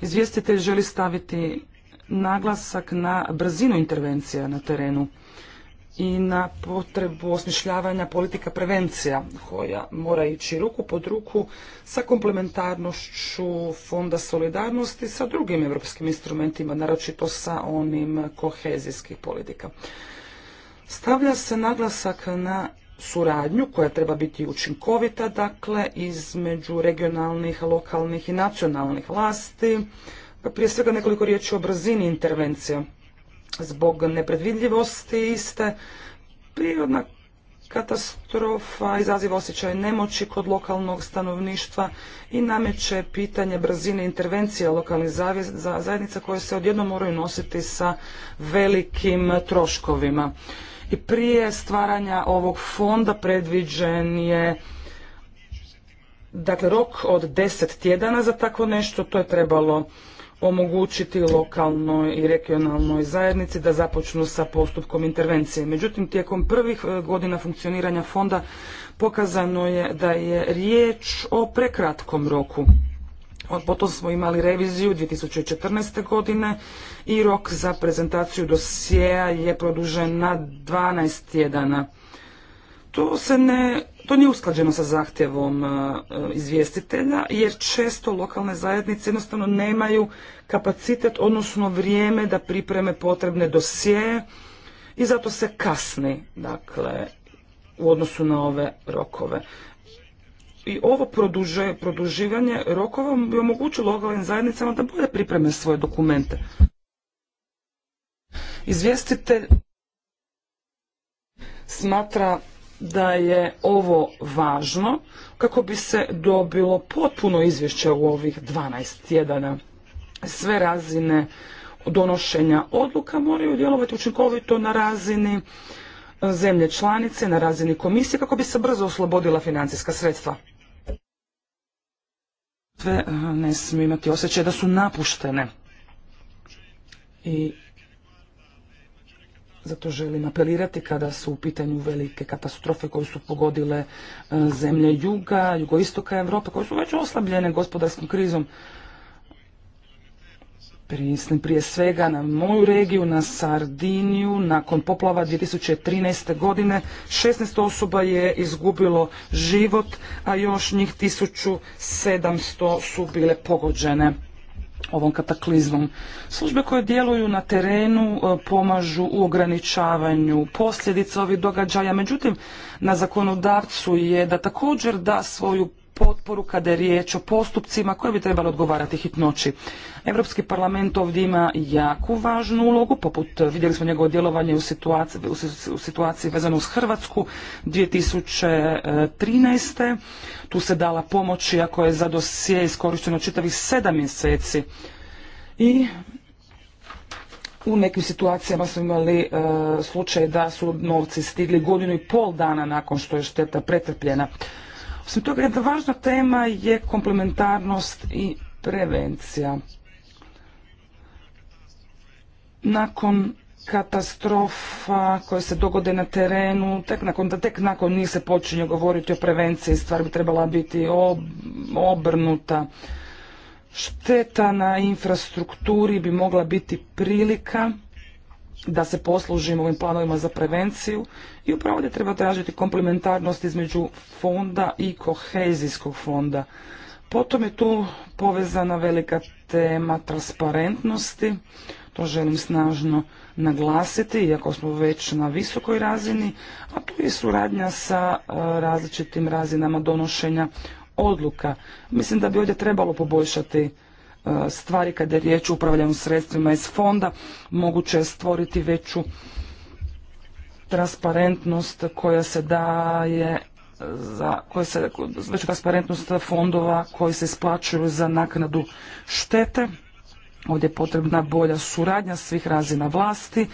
Speaker 2: Izvjestitelj želi staviti naglasak na brzinu intervencija na terenu i na potrebu osmišljavanja politika prevencija koja mora ići ruku pod ruku sa komplementarnošću Fonda solidarnosti sa drugim europskim instrumentima, naročito sa onim kohezijskih politika. Stavlja se naglasak na suradnju koja treba biti učinkovita, dakle, između regionalnih, lokalnih i nacionalnih vlasti, prije svega nekoliko riječi o brzini intervencija. Zbog nepredvidljivosti iste, prirodna katastrofa izaziva osjećaj nemoći kod lokalnog stanovništva i nameće pitanje brzine intervencija lokalnih zajednica koje se odjednom moraju nositi sa velikim troškovima. I prije stvaranja ovog fonda predviđen je dakle rok od deset tjedana za tako nešto, to je trebalo omogućiti lokalnoj i regionalnoj zajednici da započnu sa postupkom intervencije. Međutim, tijekom prvih e, godina funkcioniranja fonda pokazano je da je riječ o prekratkom roku. Potom smo imali reviziju 2014. godine i rok za prezentaciju dosjea je produžen na 12 tjedana to se ne to nije usklađeno sa zahtjevom e, izvjestitelja jer često lokalne zajednice jednostavno nemaju kapacitet odnosno vrijeme da pripreme potrebne dosije i zato se kasni dakle u odnosu na ove rokove. I ovo produživanje rokova bi omogućilo lokalnim zajednicama da bolje pripreme svoje dokumente. Izvjestitelj smatra da je ovo važno kako bi se dobilo potpuno izvješće u ovih 12 tjedana. Sve razine donošenja odluka moraju djelovati učinkovito na razini e, zemlje članice, na razini komisije kako bi se brzo oslobodila financijska sredstva. Sve e, ne smiju imati osjećaj da su napuštene. I zato želim apelirati kada su u pitanju velike katastrofe koje su pogodile e, zemlje juga, jugoistoka Evrope koje su već oslabljene gospodarskom krizom. Mislim prije svega na moju regiju, na Sardiniju, nakon poplava 2013. godine 16 osoba je izgubilo život, a još njih 1700 su bile pogođene ovom kataklizmom. Službe koje djeluju na terenu e, pomažu u ograničavanju posljedica ovih događaja, međutim na zakonodavcu je da također da svoju potporu kada je riječ o postupcima koje bi trebalo odgovarati hitnoći. Europski parlament ovdje ima jako važnu ulogu, poput vidjeli smo njegovo djelovanje u situaciji, u situaciji vezano uz Hrvatsku 2013. Tu se dala pomoć, iako je za dosije iskorišteno čitavih sedam mjeseci. I u nekim situacijama smo imali e, slučaj da su novci stigli godinu i pol dana nakon što je šteta pretrpljena. Osim toga, jedna važna tema je komplementarnost i prevencija. Nakon katastrofa koje se dogode na terenu, tek nakon, da tek nakon njih se počinje govoriti o prevenciji, stvar bi trebala biti obrnuta. Šteta na infrastrukturi bi mogla biti prilika da se poslužimo ovim planovima za prevenciju i upravo ovdje treba tražiti komplementarnost između fonda i kohezijskog fonda. Potom je tu povezana velika tema transparentnosti, to želim snažno naglasiti, iako smo već na visokoj razini, a tu je suradnja sa e, različitim razinama donošenja odluka. Mislim da bi ovdje trebalo poboljšati stvari kada je riječ o upravljanju sredstvima iz fonda, moguće je stvoriti veću transparentnost koja se daje e, za koja se, veću transparentnost fondova koji se isplaćuju za naknadu štete. Ovdje je potrebna bolja suradnja svih razina vlasti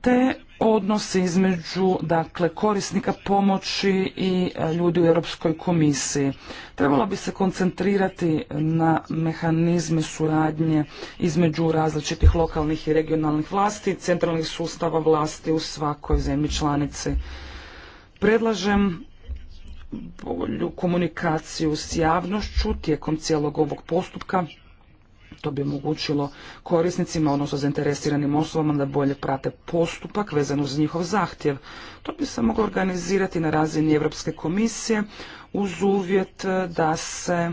Speaker 2: te odnos između dakle, korisnika pomoći i e, ljudi u Europskoj komisiji. Trebalo bi se koncentrirati na mehanizme suradnje između različitih lokalnih i regionalnih vlasti i centralnih sustava vlasti u svakoj zemlji članici. Predlažem bolju komunikaciju s javnošću tijekom cijelog ovog postupka to bi omogućilo korisnicima, odnosno zainteresiranim osobama da bolje prate postupak vezan uz njihov zahtjev. To bi se moglo organizirati na razini Europske komisije uz uvjet da se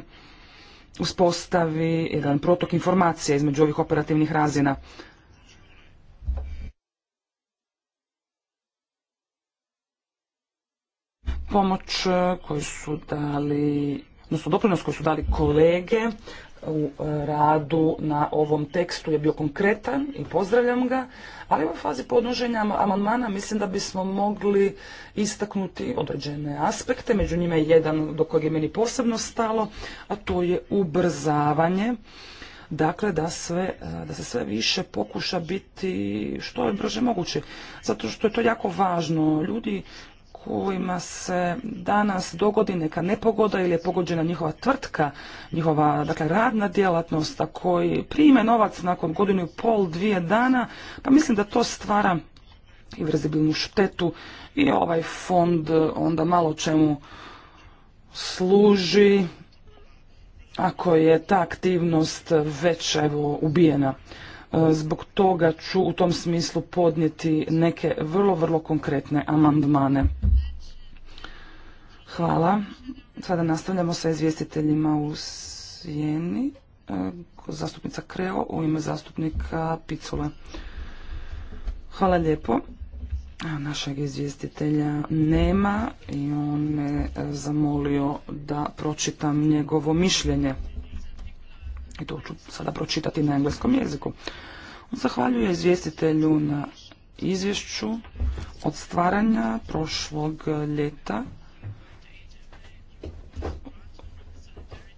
Speaker 2: uspostavi jedan protok informacija između ovih operativnih razina. Pomoć eh, koju su dali odnosno doprinos koju su dali kolege u e, radu na ovom tekstu je bio konkretan i pozdravljam ga, ali u fazi podnoženja amandmana mislim da bismo mogli istaknuti određene aspekte, među njima je jedan do kojeg je meni posebno stalo, a to je ubrzavanje, dakle da, e, da se sve više pokuša biti što je brže moguće, zato što je to jako važno. Ljudi kojima se danas dogodi neka nepogoda ili je pogođena njihova tvrtka, njihova dakle, radna djelatnost, a koji prime novac nakon godinu i pol, dvije dana, pa mislim da to stvara i vrezibilnu štetu i ovaj fond onda malo čemu služi ako je ta aktivnost već evo ubijena. E, zbog toga ću u tom smislu podnijeti neke vrlo, vrlo konkretne amandmane. Hvala. Sada nastavljamo sa izvjestiteljima u Sijeni. E, zastupnica Kreo u ime zastupnika Picula. Hvala lijepo. Našeg izvjestitelja nema i on me e, zamolio da pročitam njegovo mišljenje i to ću sada pročitati na engleskom jeziku. On zahvaljuje izvjestitelju na izvješću od stvaranja prošlog ljeta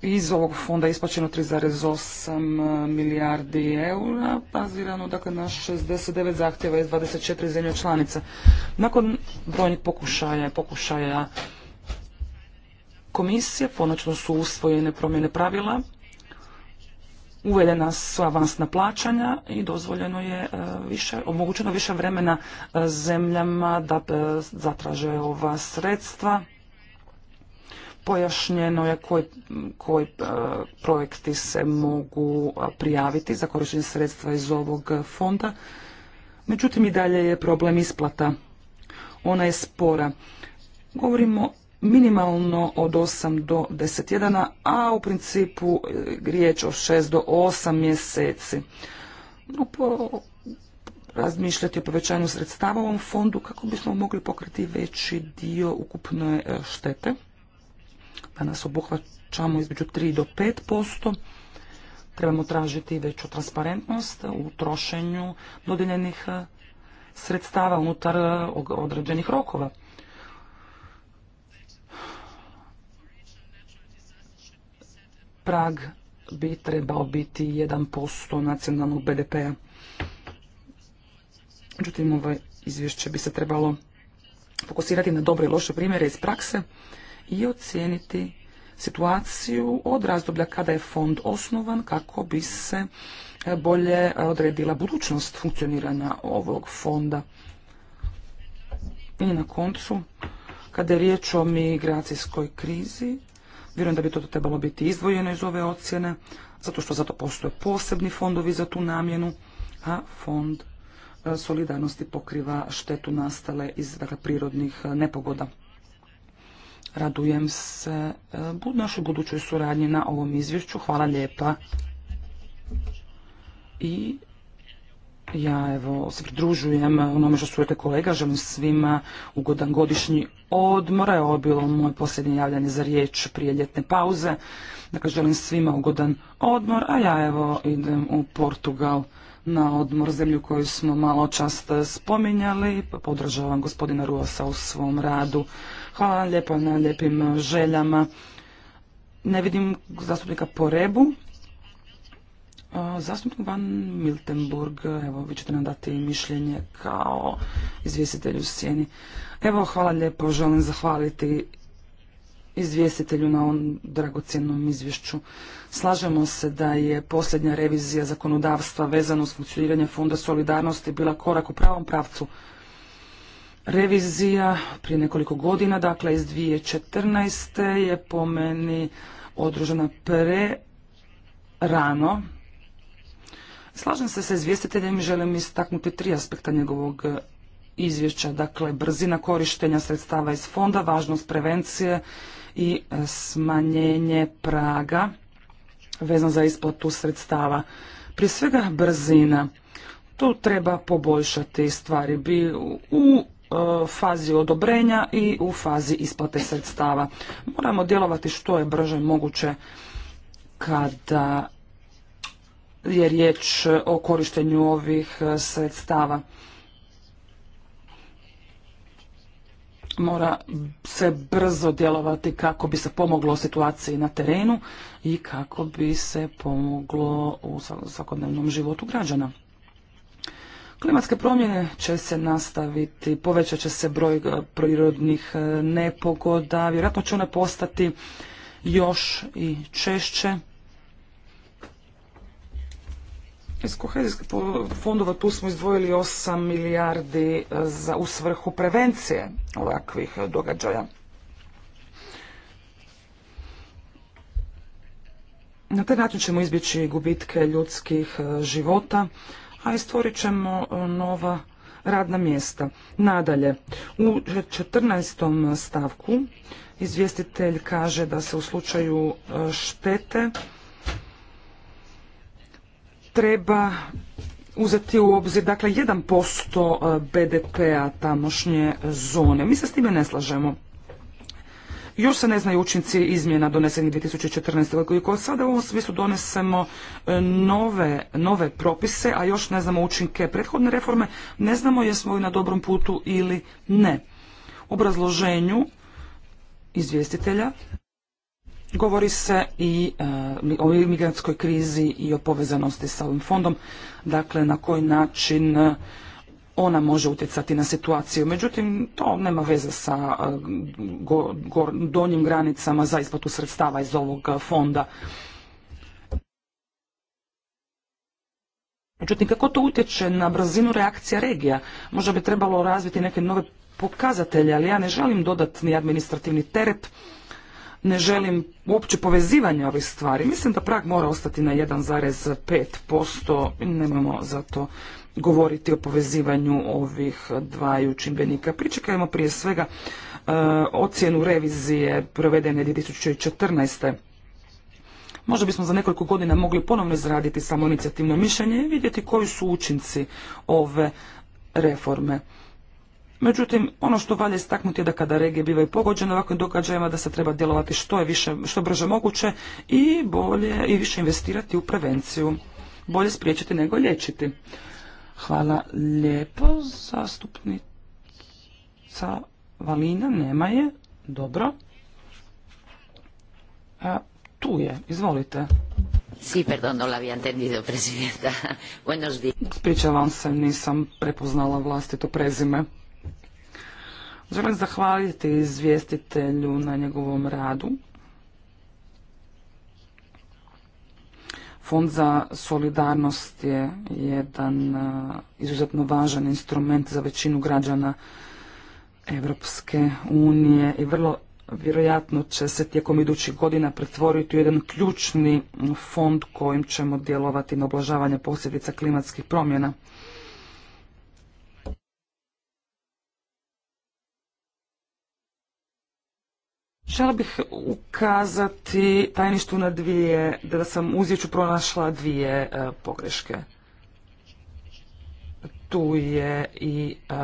Speaker 2: iz ovog fonda je isplaćeno 3,8 milijardi eura, bazirano dakle na 69 zahtjeva iz 24 zemlje članica. Nakon brojnih pokušaja, pokušaja komisije, konačno su usvojene promjene pravila uvedena su avansna plaćanja i dozvoljeno je e, više, omogućeno više vremena e, zemljama da e, zatraže ova sredstva. Pojašnjeno je koji, koji projekti se mogu prijaviti za korištenje sredstva iz ovog fonda. Međutim, i dalje je problem isplata. Ona je spora. Govorimo minimalno od 8 do 10 tjedana, a u principu e, riječ o 6 do 8 mjeseci. No, po, razmišljati o povećanju sredstava u ovom fondu kako bismo mogli pokriti veći dio ukupne e, štete. Danas obuhvaćamo između 3 do 5 posto. Trebamo tražiti veću transparentnost u trošenju dodijeljenih e, sredstava unutar određenih rokova. prag bi trebao biti 1% nacionalnog BDP-a. Međutim, ovo izvješće bi se trebalo fokusirati na dobre i loše primjere iz prakse i ocijeniti situaciju od razdoblja kada je fond osnovan kako bi se bolje odredila budućnost funkcioniranja ovog fonda. I na koncu, kada je riječ o migracijskoj krizi, Vjerujem da bi to trebalo biti izdvojeno iz ove ocjene, zato što zato postoje posebni fondovi za tu namjenu, a fond e, solidarnosti pokriva štetu nastale iz dakle, prirodnih e, nepogoda. Radujem se e, našoj budućoj suradnji na ovom izvješću. Hvala lijepa. I ja evo se pridružujem onome što su rekli kolega, želim svima ugodan godišnji odmor, ovo je bilo moje posljednje javljanje za riječ prije ljetne pauze, dakle želim svima ugodan odmor, a ja evo idem u Portugal na odmor, zemlju koju smo malo čast spominjali, podržavam gospodina Ruosa u svom radu, hvala vam lijepo na lijepim željama, ne vidim zastupnika po rebu, Zastupnik Van Miltenburg, evo, vi ćete nam dati mišljenje kao izvjestitelju u sjeni. Evo, hvala lijepo, želim zahvaliti izvjestitelju na ovom dragocjenom izvješću. Slažemo se da je posljednja revizija zakonodavstva vezano uz funkcioniranje Fonda solidarnosti bila korak u pravom pravcu. Revizija prije nekoliko godina, dakle iz 2014. je po meni održana pre rano, Slažem se sa izvjestiteljem i želim istaknuti tri aspekta njegovog e, izvješća, dakle brzina korištenja sredstava iz fonda, važnost prevencije i e, smanjenje praga vezano za isplatu sredstava. Prije svega brzina. Tu treba poboljšati stvari bi u e, fazi odobrenja i u fazi isplate sredstava. Moramo djelovati što je brže moguće kada je riječ o korištenju ovih e, sredstava. Mora se brzo djelovati kako bi se pomoglo situaciji na terenu i kako bi se pomoglo u svakodnevnom životu građana. Klimatske promjene će se nastaviti, povećat će se broj e, prirodnih e, nepogoda, vjerojatno će one postati još i češće. Iz kohezijskih fondova tu smo izdvojili 8 milijardi e, za, u svrhu prevencije ovakvih e, događaja. Na taj način ćemo izbjeći gubitke ljudskih e, života, a i stvorit ćemo nova radna mjesta. Nadalje, u 14. stavku izvjestitelj kaže da se u slučaju štete treba uzeti u obzir dakle 1% e, BDP-a tamošnje zone. Mi se s time ne slažemo. Još se ne znaju učinci izmjena donesenih 2014. koje sada u ovom smislu donesemo e, nove, nove propise, a još ne znamo učinke prethodne reforme, ne znamo jesmo li na dobrom putu ili ne. obrazloženju izvjestitelja Govori se i e, o imigrantskoj krizi i o povezanosti sa ovim fondom, dakle na koji način e, ona može utjecati na situaciju. Međutim, to nema veze sa e, donjim granicama za isplatu sredstava iz ovog fonda. Međutim, kako to utječe na brzinu reakcija regija? Možda bi trebalo razviti neke nove pokazatelje, ali ja ne želim dodatni administrativni teret ne želim uopće povezivanje ovih stvari. Mislim da prag mora ostati na 1,5%. Nemojmo zato govoriti o povezivanju ovih dvaju čimbenika. Pričekajmo prije svega eh, ocjenu revizije provedene 2014. Možda bismo za nekoliko godina mogli ponovno izraditi samo inicijativno mišljenje i vidjeti koji su učinci ove reforme. Međutim, ono što valje istaknuti je da kada regije bivaju pogođene ovakvim događajima, da se treba djelovati što je više, što brže moguće i bolje i više investirati u prevenciju. Bolje spriječiti nego liječiti. Hvala lijepo, zastupnica Valina, nema je, dobro. A, tu je, izvolite. perdón, no la había entendido,
Speaker 3: presidenta. Buenos días.
Speaker 2: Ispričavam se, nisam prepoznala vlastito prezime. Želim zahvaliti izvjestitelju na njegovom radu. Fond za solidarnost je jedan izuzetno važan instrument za većinu građana Evropske unije i vrlo vjerojatno će se tijekom idućih godina pretvoriti u jedan ključni fond kojim ćemo djelovati na oblažavanje posljedica klimatskih promjena. Žela bih ukazati tajništu na dvije, da sam u izvješću pronašla dvije e, pogreške. Tu je i e,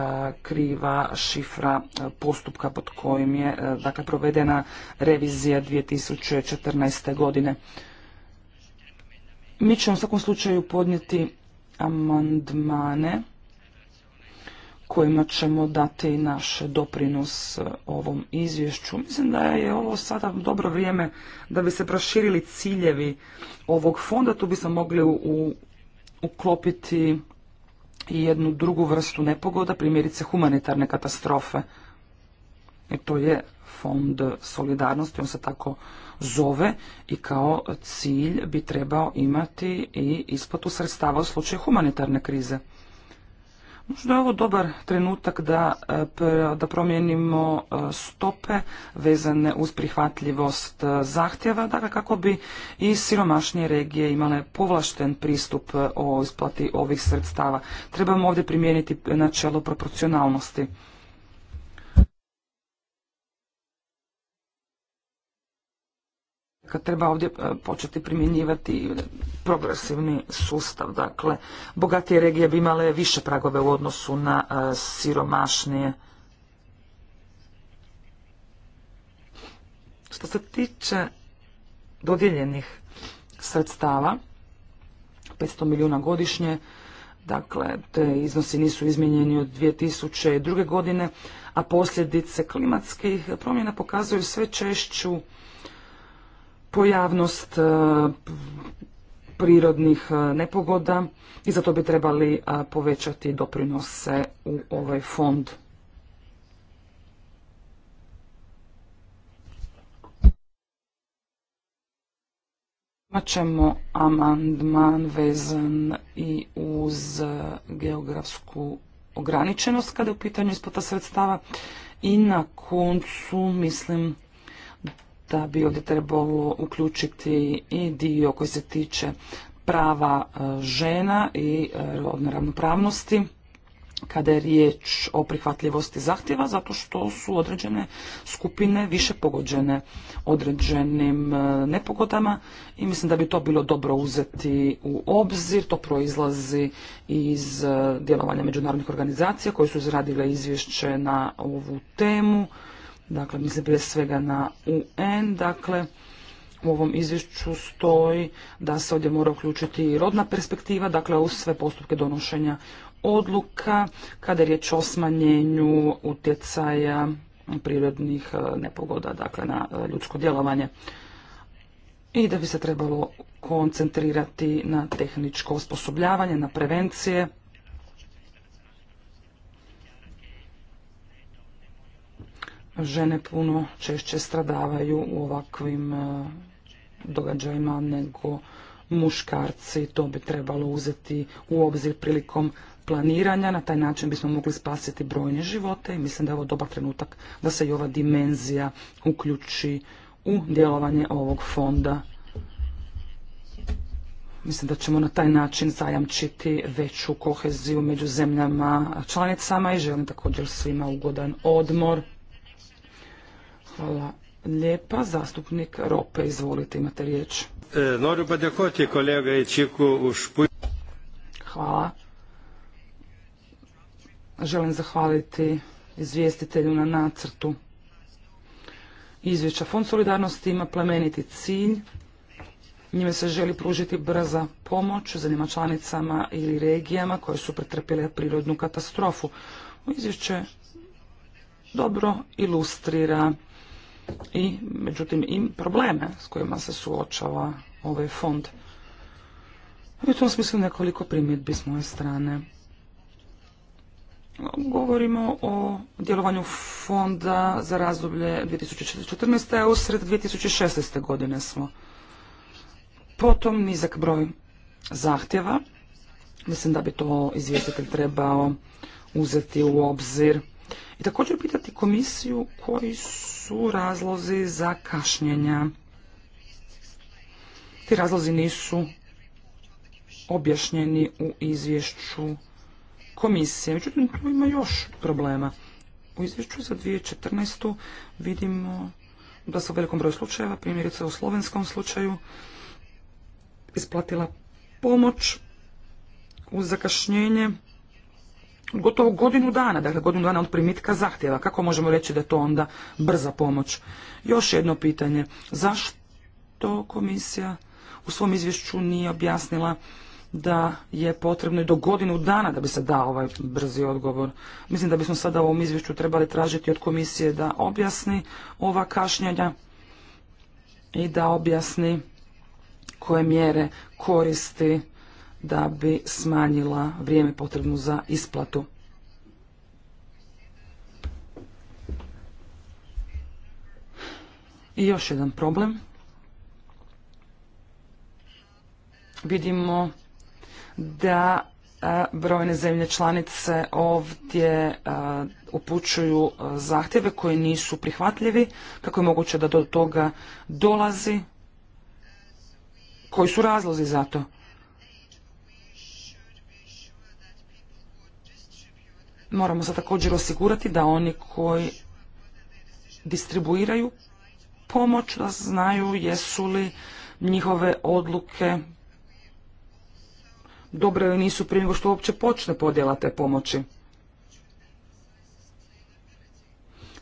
Speaker 2: kriva šifra e, postupka pod kojim je dakle, provedena revizija 2014. godine. Mi ćemo u svakom slučaju podnijeti amandmane kojima ćemo dati naš doprinos e, ovom izvješću. Mislim da je ovo sada dobro vrijeme da bi se proširili ciljevi ovog fonda. Tu bi smo mogli u, uklopiti i jednu drugu vrstu nepogoda, primjerice humanitarne katastrofe. I e, to je fond solidarnosti, on se tako zove i kao cilj bi trebao imati i isplatu sredstava u slučaju humanitarne krize. Možda je ovo dobar trenutak da, e, da promijenimo e, stope vezane uz prihvatljivost e, zahtjeva, dakle kako bi i siromašnije regije imale povlašten pristup o isplati ovih sredstava. Trebamo ovdje primijeniti načelo proporcionalnosti. kad treba ovdje e, početi primjenjivati progresivni sustav. Dakle, bogatije regije bi imale više pragove u odnosu na e, siromašnije. Što se tiče dodijeljenih sredstava, 500 milijuna godišnje, dakle, te iznosi nisu izmijenjeni od 2002. godine, a posljedice klimatskih promjena pokazuju sve češću pojavnost e, prirodnih e, nepogoda i zato bi trebali e, povećati doprinose u ovaj fond. ćemo amandman vezan i uz geografsku ograničenost kada je u pitanju isplata sredstava i na koncu mislim da bi ovdje trebalo uključiti i dio koji se tiče prava e, žena i e, rodne ravnopravnosti kada je riječ o prihvatljivosti zahtjeva zato što su određene skupine više pogođene određenim e, nepogodama i mislim da bi to bilo dobro uzeti u obzir. To proizlazi iz djelovanja međunarodnih organizacija koje su izradile izvješće na ovu temu dakle mislim prije svega na UN, dakle u ovom izvješću stoji da se ovdje mora uključiti i rodna perspektiva, dakle u sve postupke donošenja odluka kada je riječ o smanjenju utjecaja prirodnih e, nepogoda, dakle na e, ljudsko djelovanje i da bi se trebalo koncentrirati na tehničko osposobljavanje, na prevencije žene puno češće stradavaju u ovakvim e, događajima nego muškarci. To bi trebalo uzeti u obzir prilikom planiranja. Na taj način bismo mogli spasiti brojne živote i mislim da je ovo dobar trenutak da se i ova dimenzija uključi u djelovanje ovog fonda. Mislim da ćemo na taj način zajamčiti veću koheziju među zemljama članicama i želim također svima ugodan odmor. Hvala lijepa. Zastupnik Rope, izvolite, imate riječ.
Speaker 1: E, kolega
Speaker 2: Hvala. Želim zahvaliti izvjestitelju na nacrtu izvješća. Fond solidarnosti ima plemeniti cilj. Njime se želi pružiti brza pomoć zemljama članicama ili regijama koje su pretrpjele prirodnu katastrofu. Izvješće dobro ilustrira i međutim i probleme s kojima se suočava ovaj fond. I u tom smislu nekoliko primjedbi s moje strane. Govorimo o djelovanju fonda za razdoblje 2014. a usred 2016. godine smo. Potom nizak broj zahtjeva. Mislim da bi to izvjestitelj trebao uzeti u obzir i također pitati komisiju koji su razlozi za kašnjenja. Ti razlozi nisu objašnjeni u izvješću komisije. Međutim, tu ima još problema. U izvješću za 2014. vidimo da se u velikom broju slučajeva, primjerice u slovenskom slučaju, isplatila pomoć uz zakašnjenje gotovo godinu dana, dakle godinu dana od primitka zahtjeva. Kako možemo reći da je to onda brza pomoć? Još jedno pitanje. Zašto komisija u svom izvješću nije objasnila da je potrebno i do godinu dana da bi se dao ovaj brzi odgovor. Mislim da bismo sada u ovom izvješću trebali tražiti od komisije da objasni ova kašnjanja i da objasni koje mjere koristi da bi smanjila vrijeme potrebno za isplatu. I još jedan problem. Vidimo da e, brojne zemlje članice ovdje e, upućuju e, zahtjeve koji nisu prihvatljivi, kako je moguće da do toga dolazi, koji su razlozi za to. Moramo se također osigurati da oni koji distribuiraju pomoć da znaju jesu li njihove odluke dobre ili nisu prije nego što uopće počne podjela te pomoći.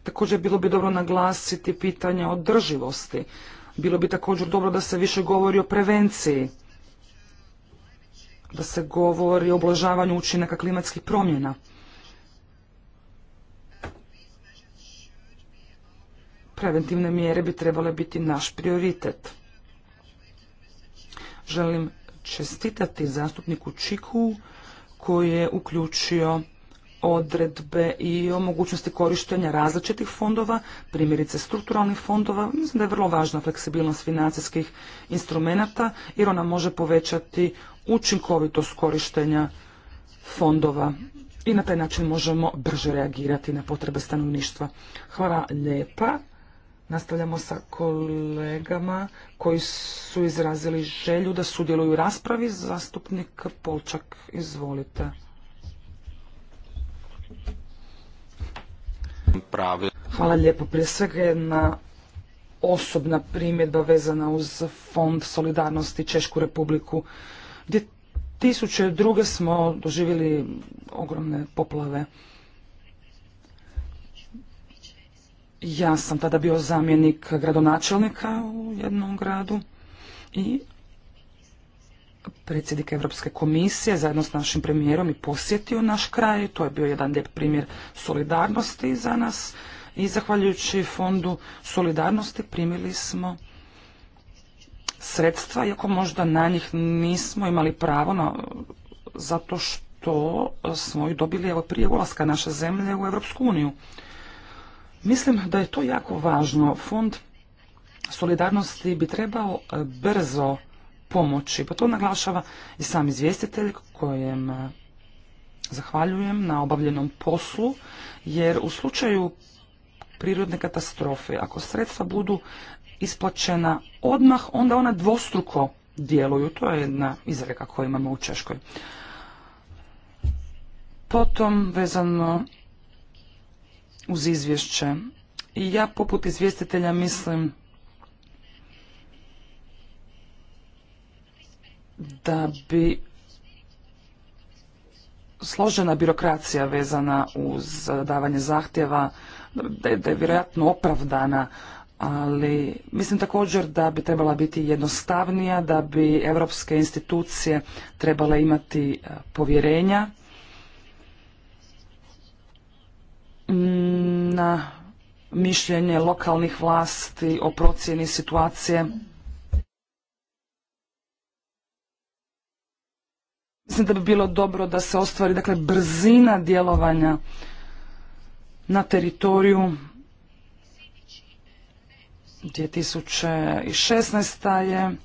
Speaker 2: Također bilo bi dobro naglasiti pitanje održivosti. Bilo bi također dobro da se više govori o prevenciji, da se govori o oblažavanju učinaka klimatskih promjena. preventivne mjere bi trebale biti naš prioritet. Želim čestitati zastupniku Čiku koji je uključio odredbe i o mogućnosti korištenja različitih fondova, primjerice strukturalnih fondova. Mislim da je vrlo važna fleksibilnost financijskih instrumenata jer ona može povećati učinkovitost korištenja fondova i na taj način možemo brže reagirati na potrebe stanovništva. Hvala lijepa. Nastavljamo sa kolegama koji su izrazili želju da sudjeluju u raspravi. Zastupnik Polčak, izvolite. Hvala lijepo. Prije svega jedna osobna primjedba vezana uz Fond solidarnosti Češku republiku. Gdje tisuće druge smo doživjeli ogromne poplave. Ja sam tada bio zamjenik gradonačelnika u jednom gradu i predsjednik Europske komisije zajedno s našim premijerom i posjetio naš kraj. To je bio jedan lijep primjer solidarnosti za nas i zahvaljujući fondu solidarnosti primili smo sredstva, iako možda na njih nismo imali pravo zato što smo ih dobili evo prije ulaska naše zemlje u Europsku uniju. Mislim da je to jako važno. Fond solidarnosti bi trebao e, brzo pomoći. Pa to naglašava i sam izvjestitelj kojem e, zahvaljujem na obavljenom poslu, jer u slučaju prirodne katastrofe, ako sredstva budu isplaćena odmah, onda ona dvostruko djeluju. To je jedna izreka koju imamo u Češkoj. Potom, vezano uz izvješće. I ja poput izvjestitelja mislim da bi složena birokracija vezana uz davanje zahtjeva, da je, vjerojatno opravdana, ali mislim također da bi trebala biti jednostavnija, da bi europske institucije trebale imati eh, povjerenja na mišljenje lokalnih vlasti o procjeni situacije. Mislim da bi bilo dobro da se ostvari dakle, brzina djelovanja na teritoriju 2016. je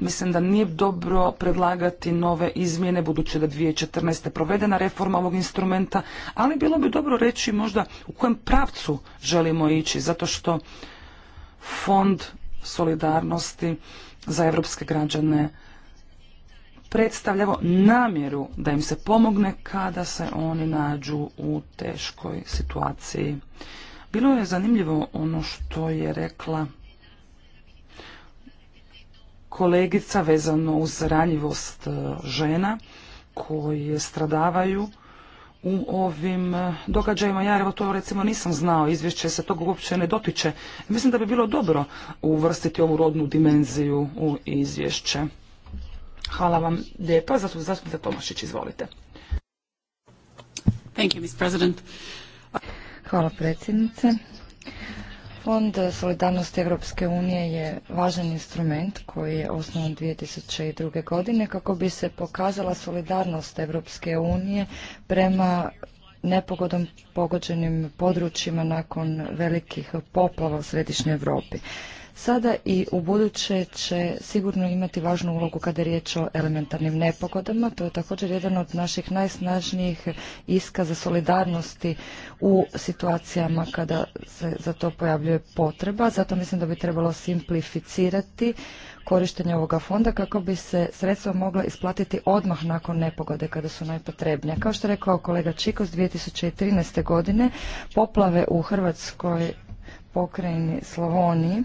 Speaker 2: Mislim da nije dobro predlagati nove izmjene, budući da 2014. provedena reforma ovog instrumenta, ali bilo bi dobro reći možda u kojem pravcu želimo ići, zato što fond solidarnosti za evropske građane predstavljao namjeru da im se pomogne kada se oni nađu u teškoj situaciji. Bilo je zanimljivo ono što je rekla kolegica vezano uz ranjivost e, žena koje stradavaju u ovim e, događajima. Ja evo to recimo nisam znao, izvješće se toga uopće ne dotiče. Mislim da bi bilo dobro uvrstiti ovu rodnu dimenziju u izvješće. Hvala vam lijepa. Zastupnica Tomašić, izvolite.
Speaker 1: Hvala predsjednice. Fond solidarnosti Europske unije je važan instrument koji je osnovan 2002. godine kako bi se pokazala solidarnost Europske unije prema nepogodom pogođenim područjima nakon velikih poplava u središnjoj Europi sada i u buduće će sigurno imati važnu ulogu kada je riječ o elementarnim nepogodama. To je također jedan od naših najsnažnijih iskaza solidarnosti u situacijama kada se za to pojavljuje potreba. Zato mislim da bi trebalo simplificirati korištenje ovoga fonda kako bi se sredstva mogla isplatiti odmah nakon nepogode kada su najpotrebnija. Kao što je rekao kolega Čikos, 2013. godine poplave u Hrvatskoj pokrajini Slavoniji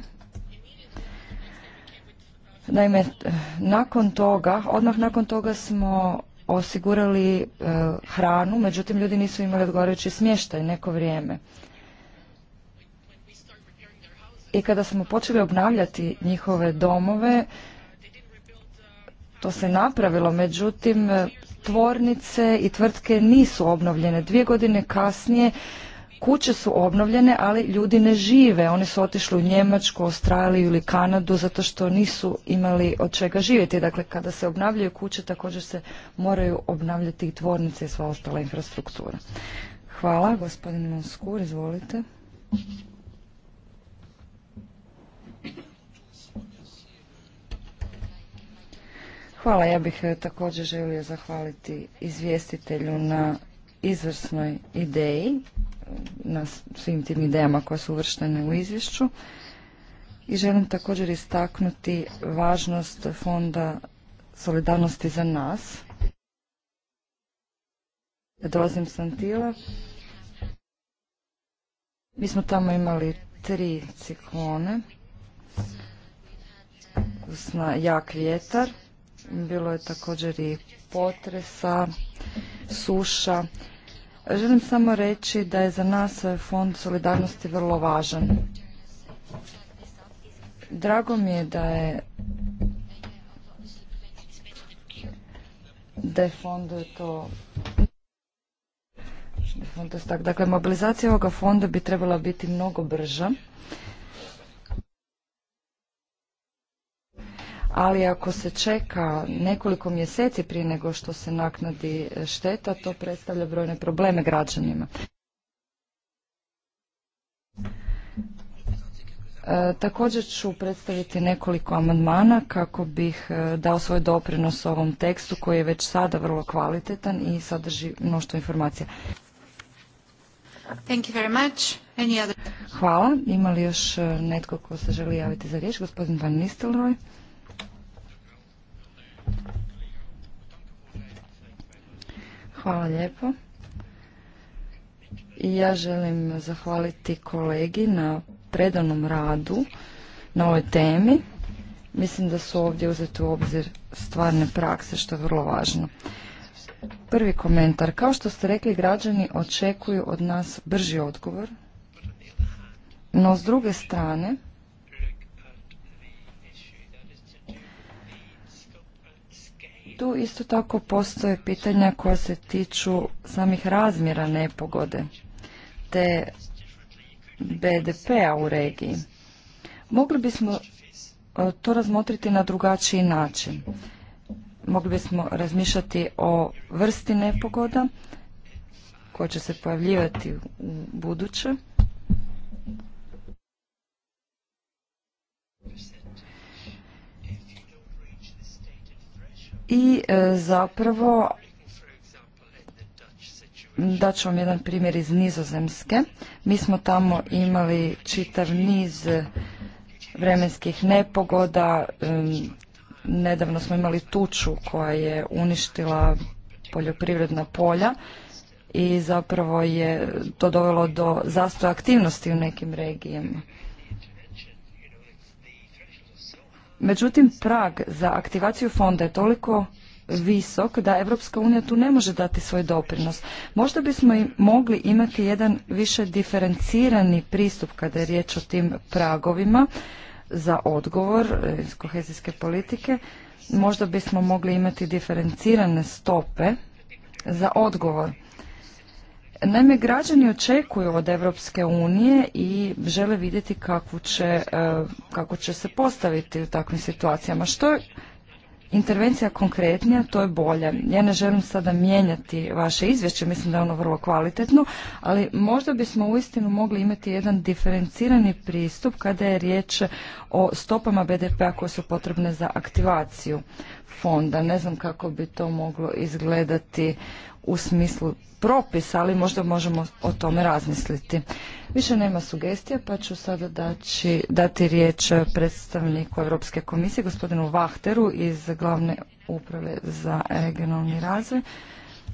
Speaker 1: Naime, eh, nakon toga, odmah nakon toga smo osigurali eh, hranu, međutim ljudi nisu imali odgovarajući smještaj neko vrijeme. I kada smo počeli obnavljati njihove domove, to se napravilo, međutim eh, tvornice i tvrtke nisu obnovljene. Dvije godine kasnije Kuće su obnovljene, ali ljudi ne žive. Oni su otišli u Njemačku, Australiju ili Kanadu zato što nisu imali od čega živjeti. Dakle, kada se obnavljaju kuće, također se moraju obnavljati i tvornice i sva ostala infrastruktura. Hvala, gospodin Monskur, izvolite. Hvala, ja bih eh, također želio zahvaliti izvjestitelju na izvrsnoj ideji na svim tim idejama koje su uvrštene u izvješću. I želim također istaknuti važnost fonda solidarnosti za nas. Dolazim s Antila. Mi smo tamo imali tri ciklone. Usna, jak vjetar. Bilo je također i potresa, suša. Želim samo reći da je za nas eh, Fond solidarnosti vrlo važan. Drago mi je da je da je fond to Dakle, mobilizacija ovoga fonda bi trebala biti mnogo brža ali ako se čeka nekoliko mjeseci prije nego što se naknadi šteta, to predstavlja brojne probleme građanima. E, također ću predstaviti nekoliko amandmana kako bih e, dao svoj doprinos ovom tekstu koji je već sada vrlo kvalitetan i sadrži mnoštvo informacija. Thank Hvala. Ima li još e, netko ko se želi javiti za riječ? Gospodin Van Nistelrooy. Hvala lijepo. I ja želim zahvaliti kolegi na predanom radu na ovoj temi. Mislim da su ovdje uzeti u obzir stvarne prakse, što je vrlo važno. Prvi komentar. Kao što ste rekli, građani očekuju od nas brži odgovor, no s druge strane, Tu isto tako postoje pitanja koja se tiču samih razmjera nepogode te BDP-a u regiji. Mogli bismo e, to razmotriti na drugačiji način. Mogli bismo razmišljati o vrsti nepogoda koja će se pojavljivati u buduće. i e, zapravo dat ću vam jedan primjer iz Nizozemske. Mi smo tamo imali čitav niz vremenskih nepogoda. E, nedavno smo imali tuču koja je uništila poljoprivredna polja i zapravo je to dovelo do zastoja aktivnosti u nekim regijama. Međutim, prag za aktivaciju fonda je toliko visok da Evropska unija tu ne može dati svoj doprinos. Možda bismo i mogli imati jedan više diferencirani pristup kada je riječ o tim pragovima za odgovor e, iz kohezijske politike. Možda bismo mogli imati diferencirane stope za odgovor. Naime, građani očekuju od Europske unije i žele vidjeti e, kako će, kako se postaviti u takvim situacijama. Što je intervencija konkretnija, to je bolje. Ja ne želim sada mijenjati vaše izvješće, mislim da je ono vrlo kvalitetno, ali možda bismo uistinu mogli imati jedan diferencirani pristup kada je riječ o stopama BDP-a koje su potrebne za aktivaciju fonda. Ne znam kako bi to moglo izgledati u smislu propisa, ali možda možemo o tome razmisliti. Više nema sugestija, pa ću sada daći, dati riječ predstavniku Europske komisije, gospodinu Vahteru iz glavne uprave za regionalni razvoj.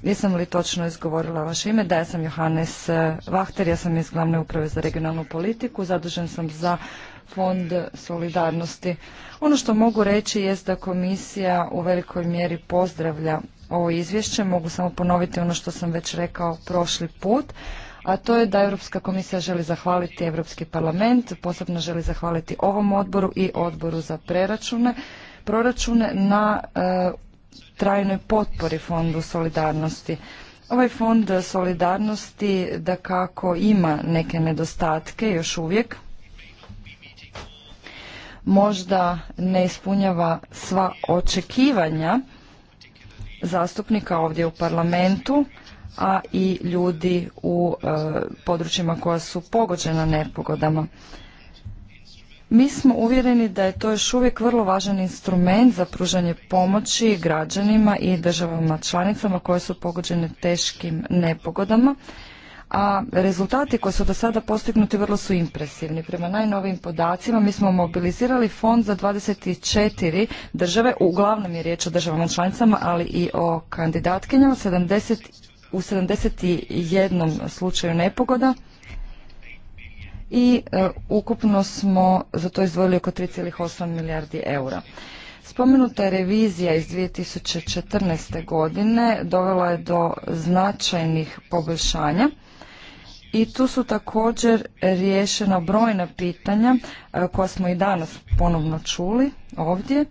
Speaker 1: Jesam li točno izgovorila vaše ime? Da, ja sam Johannes Vahter, ja sam iz glavne uprave za regionalnu politiku, zadužen sam za fond solidarnosti. Ono što mogu reći jest da komisija u velikoj mjeri pozdravlja ovo izvješće mogu samo ponoviti ono što sam već rekao prošli put, a to je da Europska komisija želi zahvaliti Europski parlament, posebno želi zahvaliti ovom odboru i odboru za preračune, proračune na e, trajnoj potpori Fondu solidarnosti. Ovaj Fond solidarnosti da kako ima neke nedostatke još uvijek, možda ne ispunjava sva očekivanja zastupnika ovdje u parlamentu, a i ljudi u e, područjima koja su pogođena nepogodama. Mi smo uvjereni da je to još uvijek vrlo važan instrument za pružanje pomoći građanima i državama članicama koje su pogođene teškim nepogodama a rezultati koji su do sada postignuti vrlo su impresivni. Prema najnovim podacima mi smo mobilizirali fond za 24 države, uglavnom je riječ o državama članicama, ali i o kandidatkinjama, 70, u 71 slučaju nepogoda i e, ukupno smo za to izdvojili oko 3,8 milijardi eura. Spomenuta je revizija iz 2014. godine dovela je do značajnih poboljšanja i tu su također riješena brojna pitanja e, koja smo i danas ponovno čuli ovdje,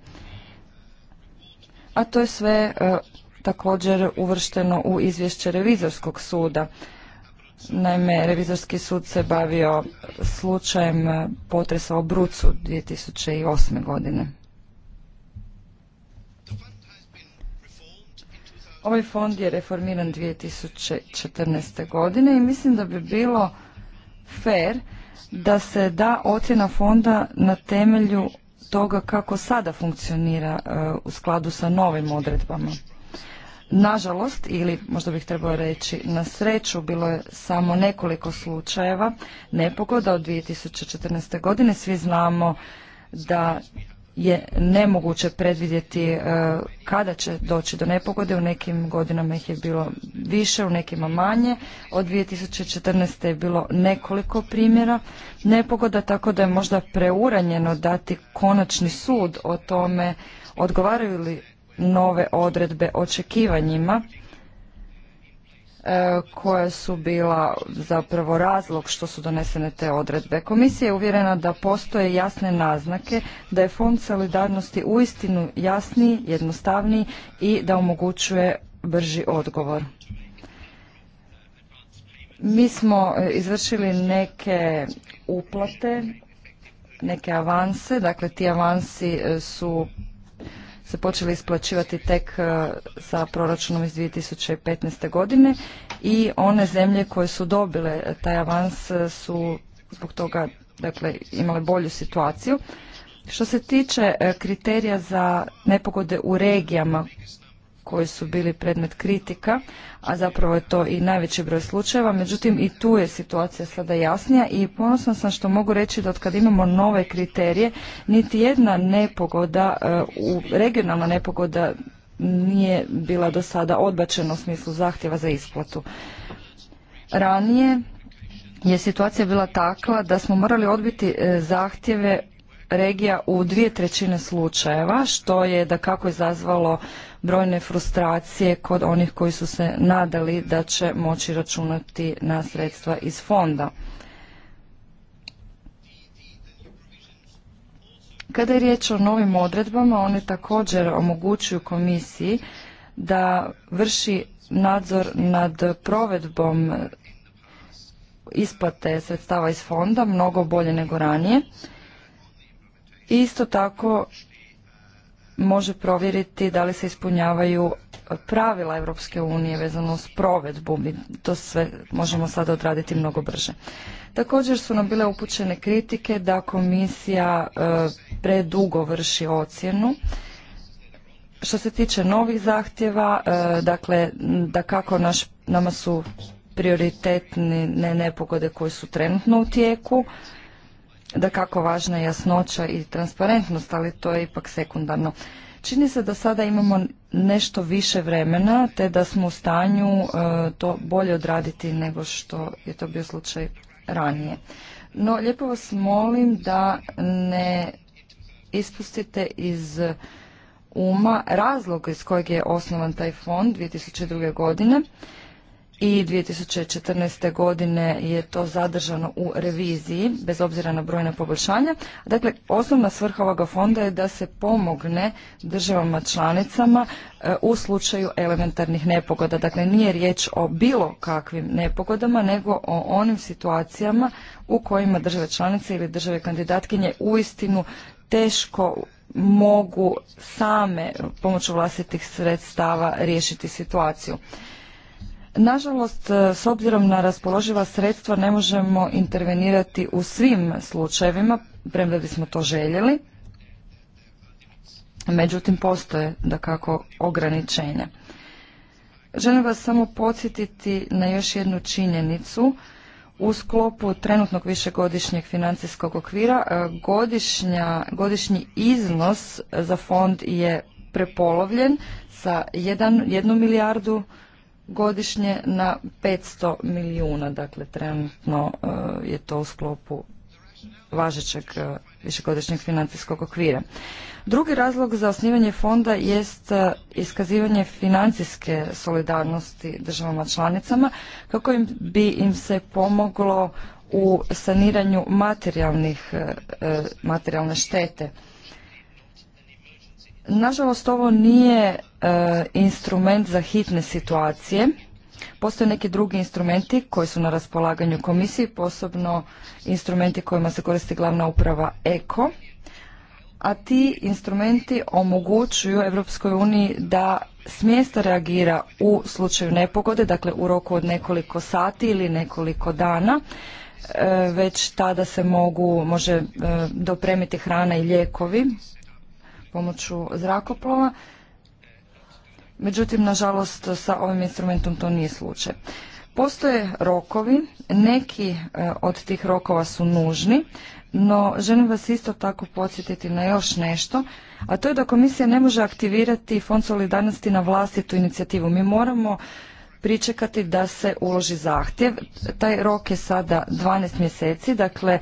Speaker 1: a to je sve e, također uvršteno u izvješće revizorskog suda. Naime, revizorski sud se bavio slučajem e, potresa u Brucu 2008. godine. Ovaj fond je reformiran 2014. godine i mislim da bi bilo fair da se da ocjena fonda na temelju toga kako sada funkcionira e, u skladu sa novim odredbama. Nažalost, ili možda bih trebao reći na sreću, bilo je samo nekoliko slučajeva nepogoda od 2014. godine. Svi znamo da je nemoguće predvidjeti e, kada će doći do nepogode. U nekim godinama ih je bilo više, u nekima manje. Od 2014. je bilo nekoliko primjera nepogoda, tako da je možda preuranjeno dati konačni sud o tome odgovaraju li nove odredbe očekivanjima E, koja su bila zapravo razlog što su donesene te odredbe. Komisija je uvjerena da postoje jasne naznake da je fond solidarnosti uistinu jasniji, jednostavniji i da omogućuje brži odgovor. Mi smo e, izvršili neke uplate, neke avanse, dakle ti avansi e, su se počeli isplaćivati tek e, sa proračunom iz 2015. godine i one zemlje koje su dobile taj avans e, su zbog toga dakle, imale bolju situaciju. Što se tiče e, kriterija za nepogode u regijama koji su bili predmet kritika, a zapravo je to i najveći broj slučajeva. Međutim, i tu je situacija sada jasnija i ponosna sam što mogu reći da od kad imamo nove kriterije, niti jedna nepogoda, e, u regionalna nepogoda nije bila do sada odbačena u smislu zahtjeva za isplatu. Ranije je situacija bila takva da smo morali odbiti e, zahtjeve regija u dvije trećine slučajeva, što je da kako izazvalo brojne frustracije kod onih koji su se nadali da će moći računati na sredstva iz fonda. Kada je riječ o novim odredbama, one također omogućuju komisiji da vrši nadzor nad provedbom isplate sredstava iz fonda mnogo bolje nego ranije Isto tako može provjeriti da li se ispunjavaju pravila Europske unije vezano s provedbu. Mi to sve možemo sada odraditi mnogo brže. Također su nam bile upućene kritike da komisija e, predugo vrši ocjenu. Što se tiče novih zahtjeva, e, dakle, da kako nama su prioritetne nepogode koje su trenutno u tijeku, da kako važna je jasnoća i transparentnost, ali to je ipak sekundarno. Čini se da sada imamo nešto više vremena, te da smo u stanju e, to bolje odraditi nego što je to bio slučaj ranije. No, lijepo vas molim da ne ispustite iz uma razlog iz kojeg je osnovan taj fond 2002. godine i 2014. godine je to zadržano u reviziji, bez obzira na brojna poboljšanja. Dakle, osnovna svrha ovoga fonda je da se pomogne državama članicama e, u slučaju elementarnih nepogoda. Dakle, nije riječ o bilo kakvim nepogodama, nego o onim situacijama u kojima države članice ili države kandidatkinje uistinu teško mogu same pomoću vlastitih sredstava riješiti situaciju. Nažalost, e, s obzirom na raspoloživa sredstva ne možemo intervenirati u svim slučajevima, premda bismo to željeli. Međutim, postoje da kako ograničenja. Želim vas samo podsjetiti na još jednu činjenicu. U sklopu trenutnog višegodišnjeg financijskog okvira e, godišnja, godišnji iznos za fond je prepolovljen sa 1 milijardu godišnje na 500 milijuna, dakle trenutno e, je to u sklopu važećeg e, višegodišnjeg financijskog okvira. Drugi razlog za osnivanje fonda jest e, iskazivanje financijske solidarnosti državama članicama kako im bi im se pomoglo u saniranju materijalne štete Nažalost, ovo nije e, instrument za hitne situacije. Postoje neki drugi instrumenti koji su na raspolaganju komisiji, posebno instrumenti kojima se koristi glavna uprava EKO, a ti instrumenti omogućuju Europskoj uniji da smjesta reagira u slučaju nepogode, dakle u roku od nekoliko sati ili nekoliko dana, e, već tada se mogu, može e, dopremiti hrana i lijekovi pomoću zrakoplova. Međutim, nažalost, sa ovim instrumentom to nije slučaj. Postoje rokovi, neki e, od tih rokova su nužni, no želim vas isto tako podsjetiti na još nešto, a to je da komisija ne može aktivirati fond solidarnosti na vlastitu inicijativu. Mi moramo pričekati da se uloži zahtjev. Taj rok je sada 12 mjeseci, dakle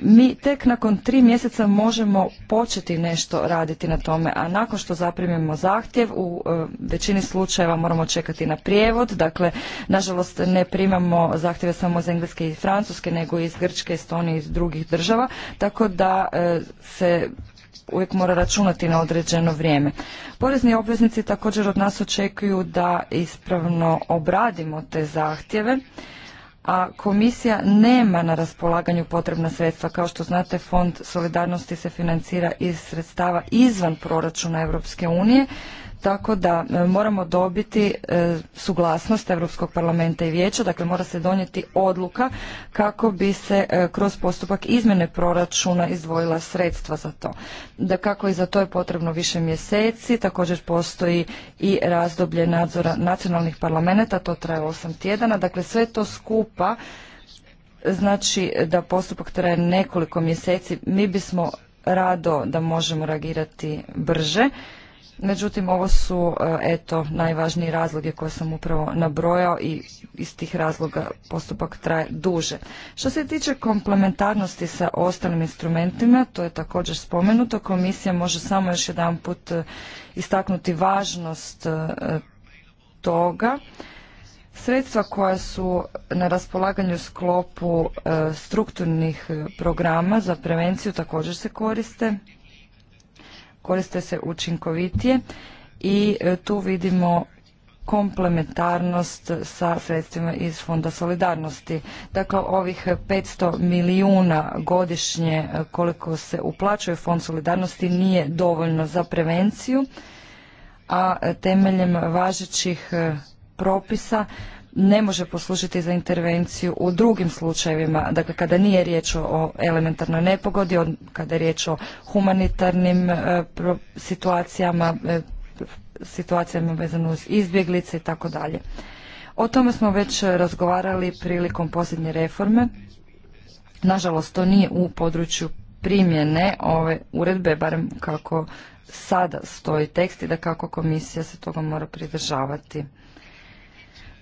Speaker 1: mi tek nakon tri mjeseca možemo početi nešto raditi na tome, a nakon što zaprimimo zahtjev u e, većini slučajeva moramo čekati na prijevod, dakle nažalost ne primamo zahtjeve samo iz Engleske i Francuske nego i iz Grčke, Estonije i iz drugih država, tako da e, se uvijek mora računati na određeno vrijeme. Porezni obveznici također od nas očekuju da ispravno obradimo te zahtjeve a komisija nema na raspolaganju potrebna sredstva. Kao što znate, Fond solidarnosti se financira iz sredstava izvan proračuna Europske unije, tako da e, moramo dobiti e, suglasnost Europskog parlamenta i vijeća, dakle mora se donijeti odluka kako bi se e, kroz postupak izmjene proračuna izdvojila sredstva za to. Da kako i za to je potrebno više mjeseci, također postoji i razdoblje nadzora nacionalnih parlamenta, to traje osam tjedana, dakle sve to skupa znači da postupak traje nekoliko mjeseci, mi bismo rado da možemo reagirati brže Međutim, ovo su e, eto najvažniji razloge koje sam upravo nabrojao i iz tih razloga postupak traje duže. Što se tiče komplementarnosti sa ostalim instrumentima, to je također spomenuto, komisija može samo još jedan put e, istaknuti važnost e, toga. Sredstva koja su na raspolaganju sklopu strukturnih programa za prevenciju također se koriste koriste se učinkovitije i e, tu vidimo komplementarnost sa sredstvima iz Fonda solidarnosti. Dakle, ovih 500 milijuna godišnje e, koliko se uplaćuje Fond solidarnosti nije dovoljno za prevenciju, a e, temeljem važećih propisa ne može poslužiti za intervenciju u drugim slučajevima, dakle kada nije riječ o elementarnoj nepogodi, kada je riječ o humanitarnim e, situacijama, e, situacijama vezano uz izbjeglice i tako dalje. O tome smo već razgovarali prilikom posljednje reforme. Nažalost, to nije u području primjene ove uredbe, barem kako sada stoji tekst i da kako komisija se toga mora pridržavati.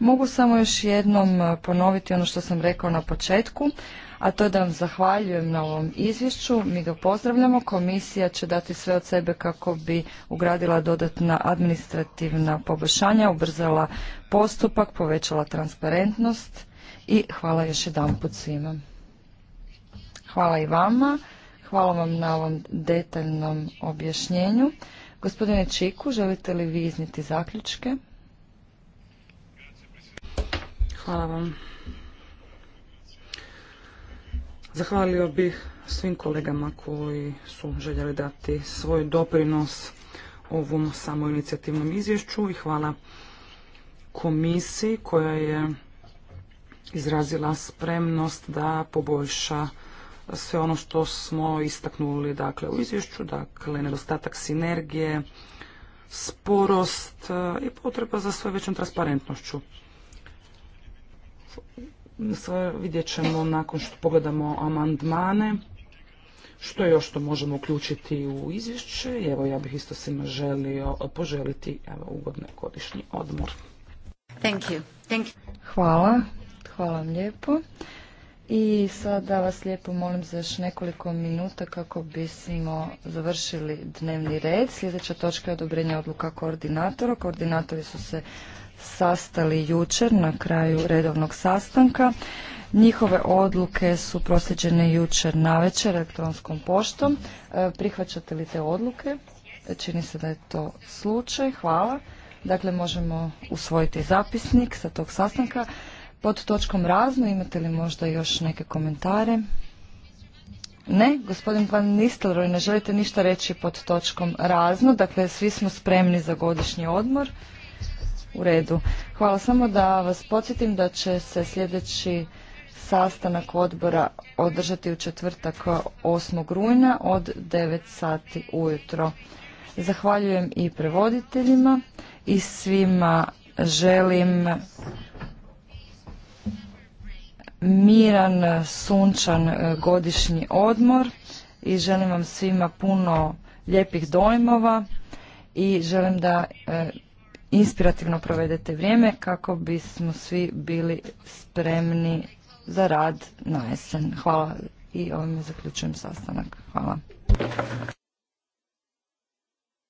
Speaker 1: Mogu samo još jednom e, ponoviti ono što sam rekao na početku, a to je da vam zahvaljujem na ovom izvješću. Mi ga pozdravljamo. Komisija će dati sve od sebe kako bi ugradila dodatna administrativna poboljšanja, ubrzala postupak, povećala transparentnost i hvala još jedan put svima. Hvala i vama. Hvala vam na ovom detaljnom objašnjenju. Gospodine Čiku, želite li vi izniti zaključke?
Speaker 2: Hvala vam. Zahvalio bih svim kolegama koji su željeli dati svoj doprinos ovom samoinicijativnom izvješću i hvala komisiji koja je izrazila spremnost da poboljša sve ono što smo istaknuli dakle, u izvješću, dakle nedostatak sinergije, sporost e, i potreba za sve većom transparentnošću sve vidjet ćemo nakon što pogledamo amandmane, što još to možemo uključiti u izvješće. Evo, ja bih isto svima želio poželiti evo, ugodne godišnji odmor.
Speaker 1: Thank you. Thank you.
Speaker 2: Hvala. Hvala vam lijepo. I
Speaker 1: sada vas lijepo molim za još nekoliko minuta kako bismo završili dnevni red. Sljedeća točka je odobrenje odluka koordinatora. Koordinatori su se sastali jučer na kraju redovnog sastanka. Njihove odluke su prosjeđene jučer navečer elektronskom poštom. E, prihvaćate li te odluke? Čini se da je to slučaj. Hvala. Dakle, možemo usvojiti zapisnik sa tog sastanka. Pod točkom razno imate li možda još neke komentare? Ne, gospodin Van Nistelrooy, ne želite ništa reći pod točkom razno. Dakle, svi smo spremni za godišnji odmor. U redu. Hvala samo da vas podsjetim da će se sljedeći sastanak odbora održati u četvrtak 8. rujna od 9 sati ujutro. Zahvaljujem i prevoditeljima i svima želim miran, sunčan e, godišnji odmor i želim vam svima puno lijepih dojmova i želim da e, inspirativno provedete vrijeme kako bismo svi bili spremni za rad na
Speaker 2: jesen. Hvala i ovime zaključujem sastanak. Hvala.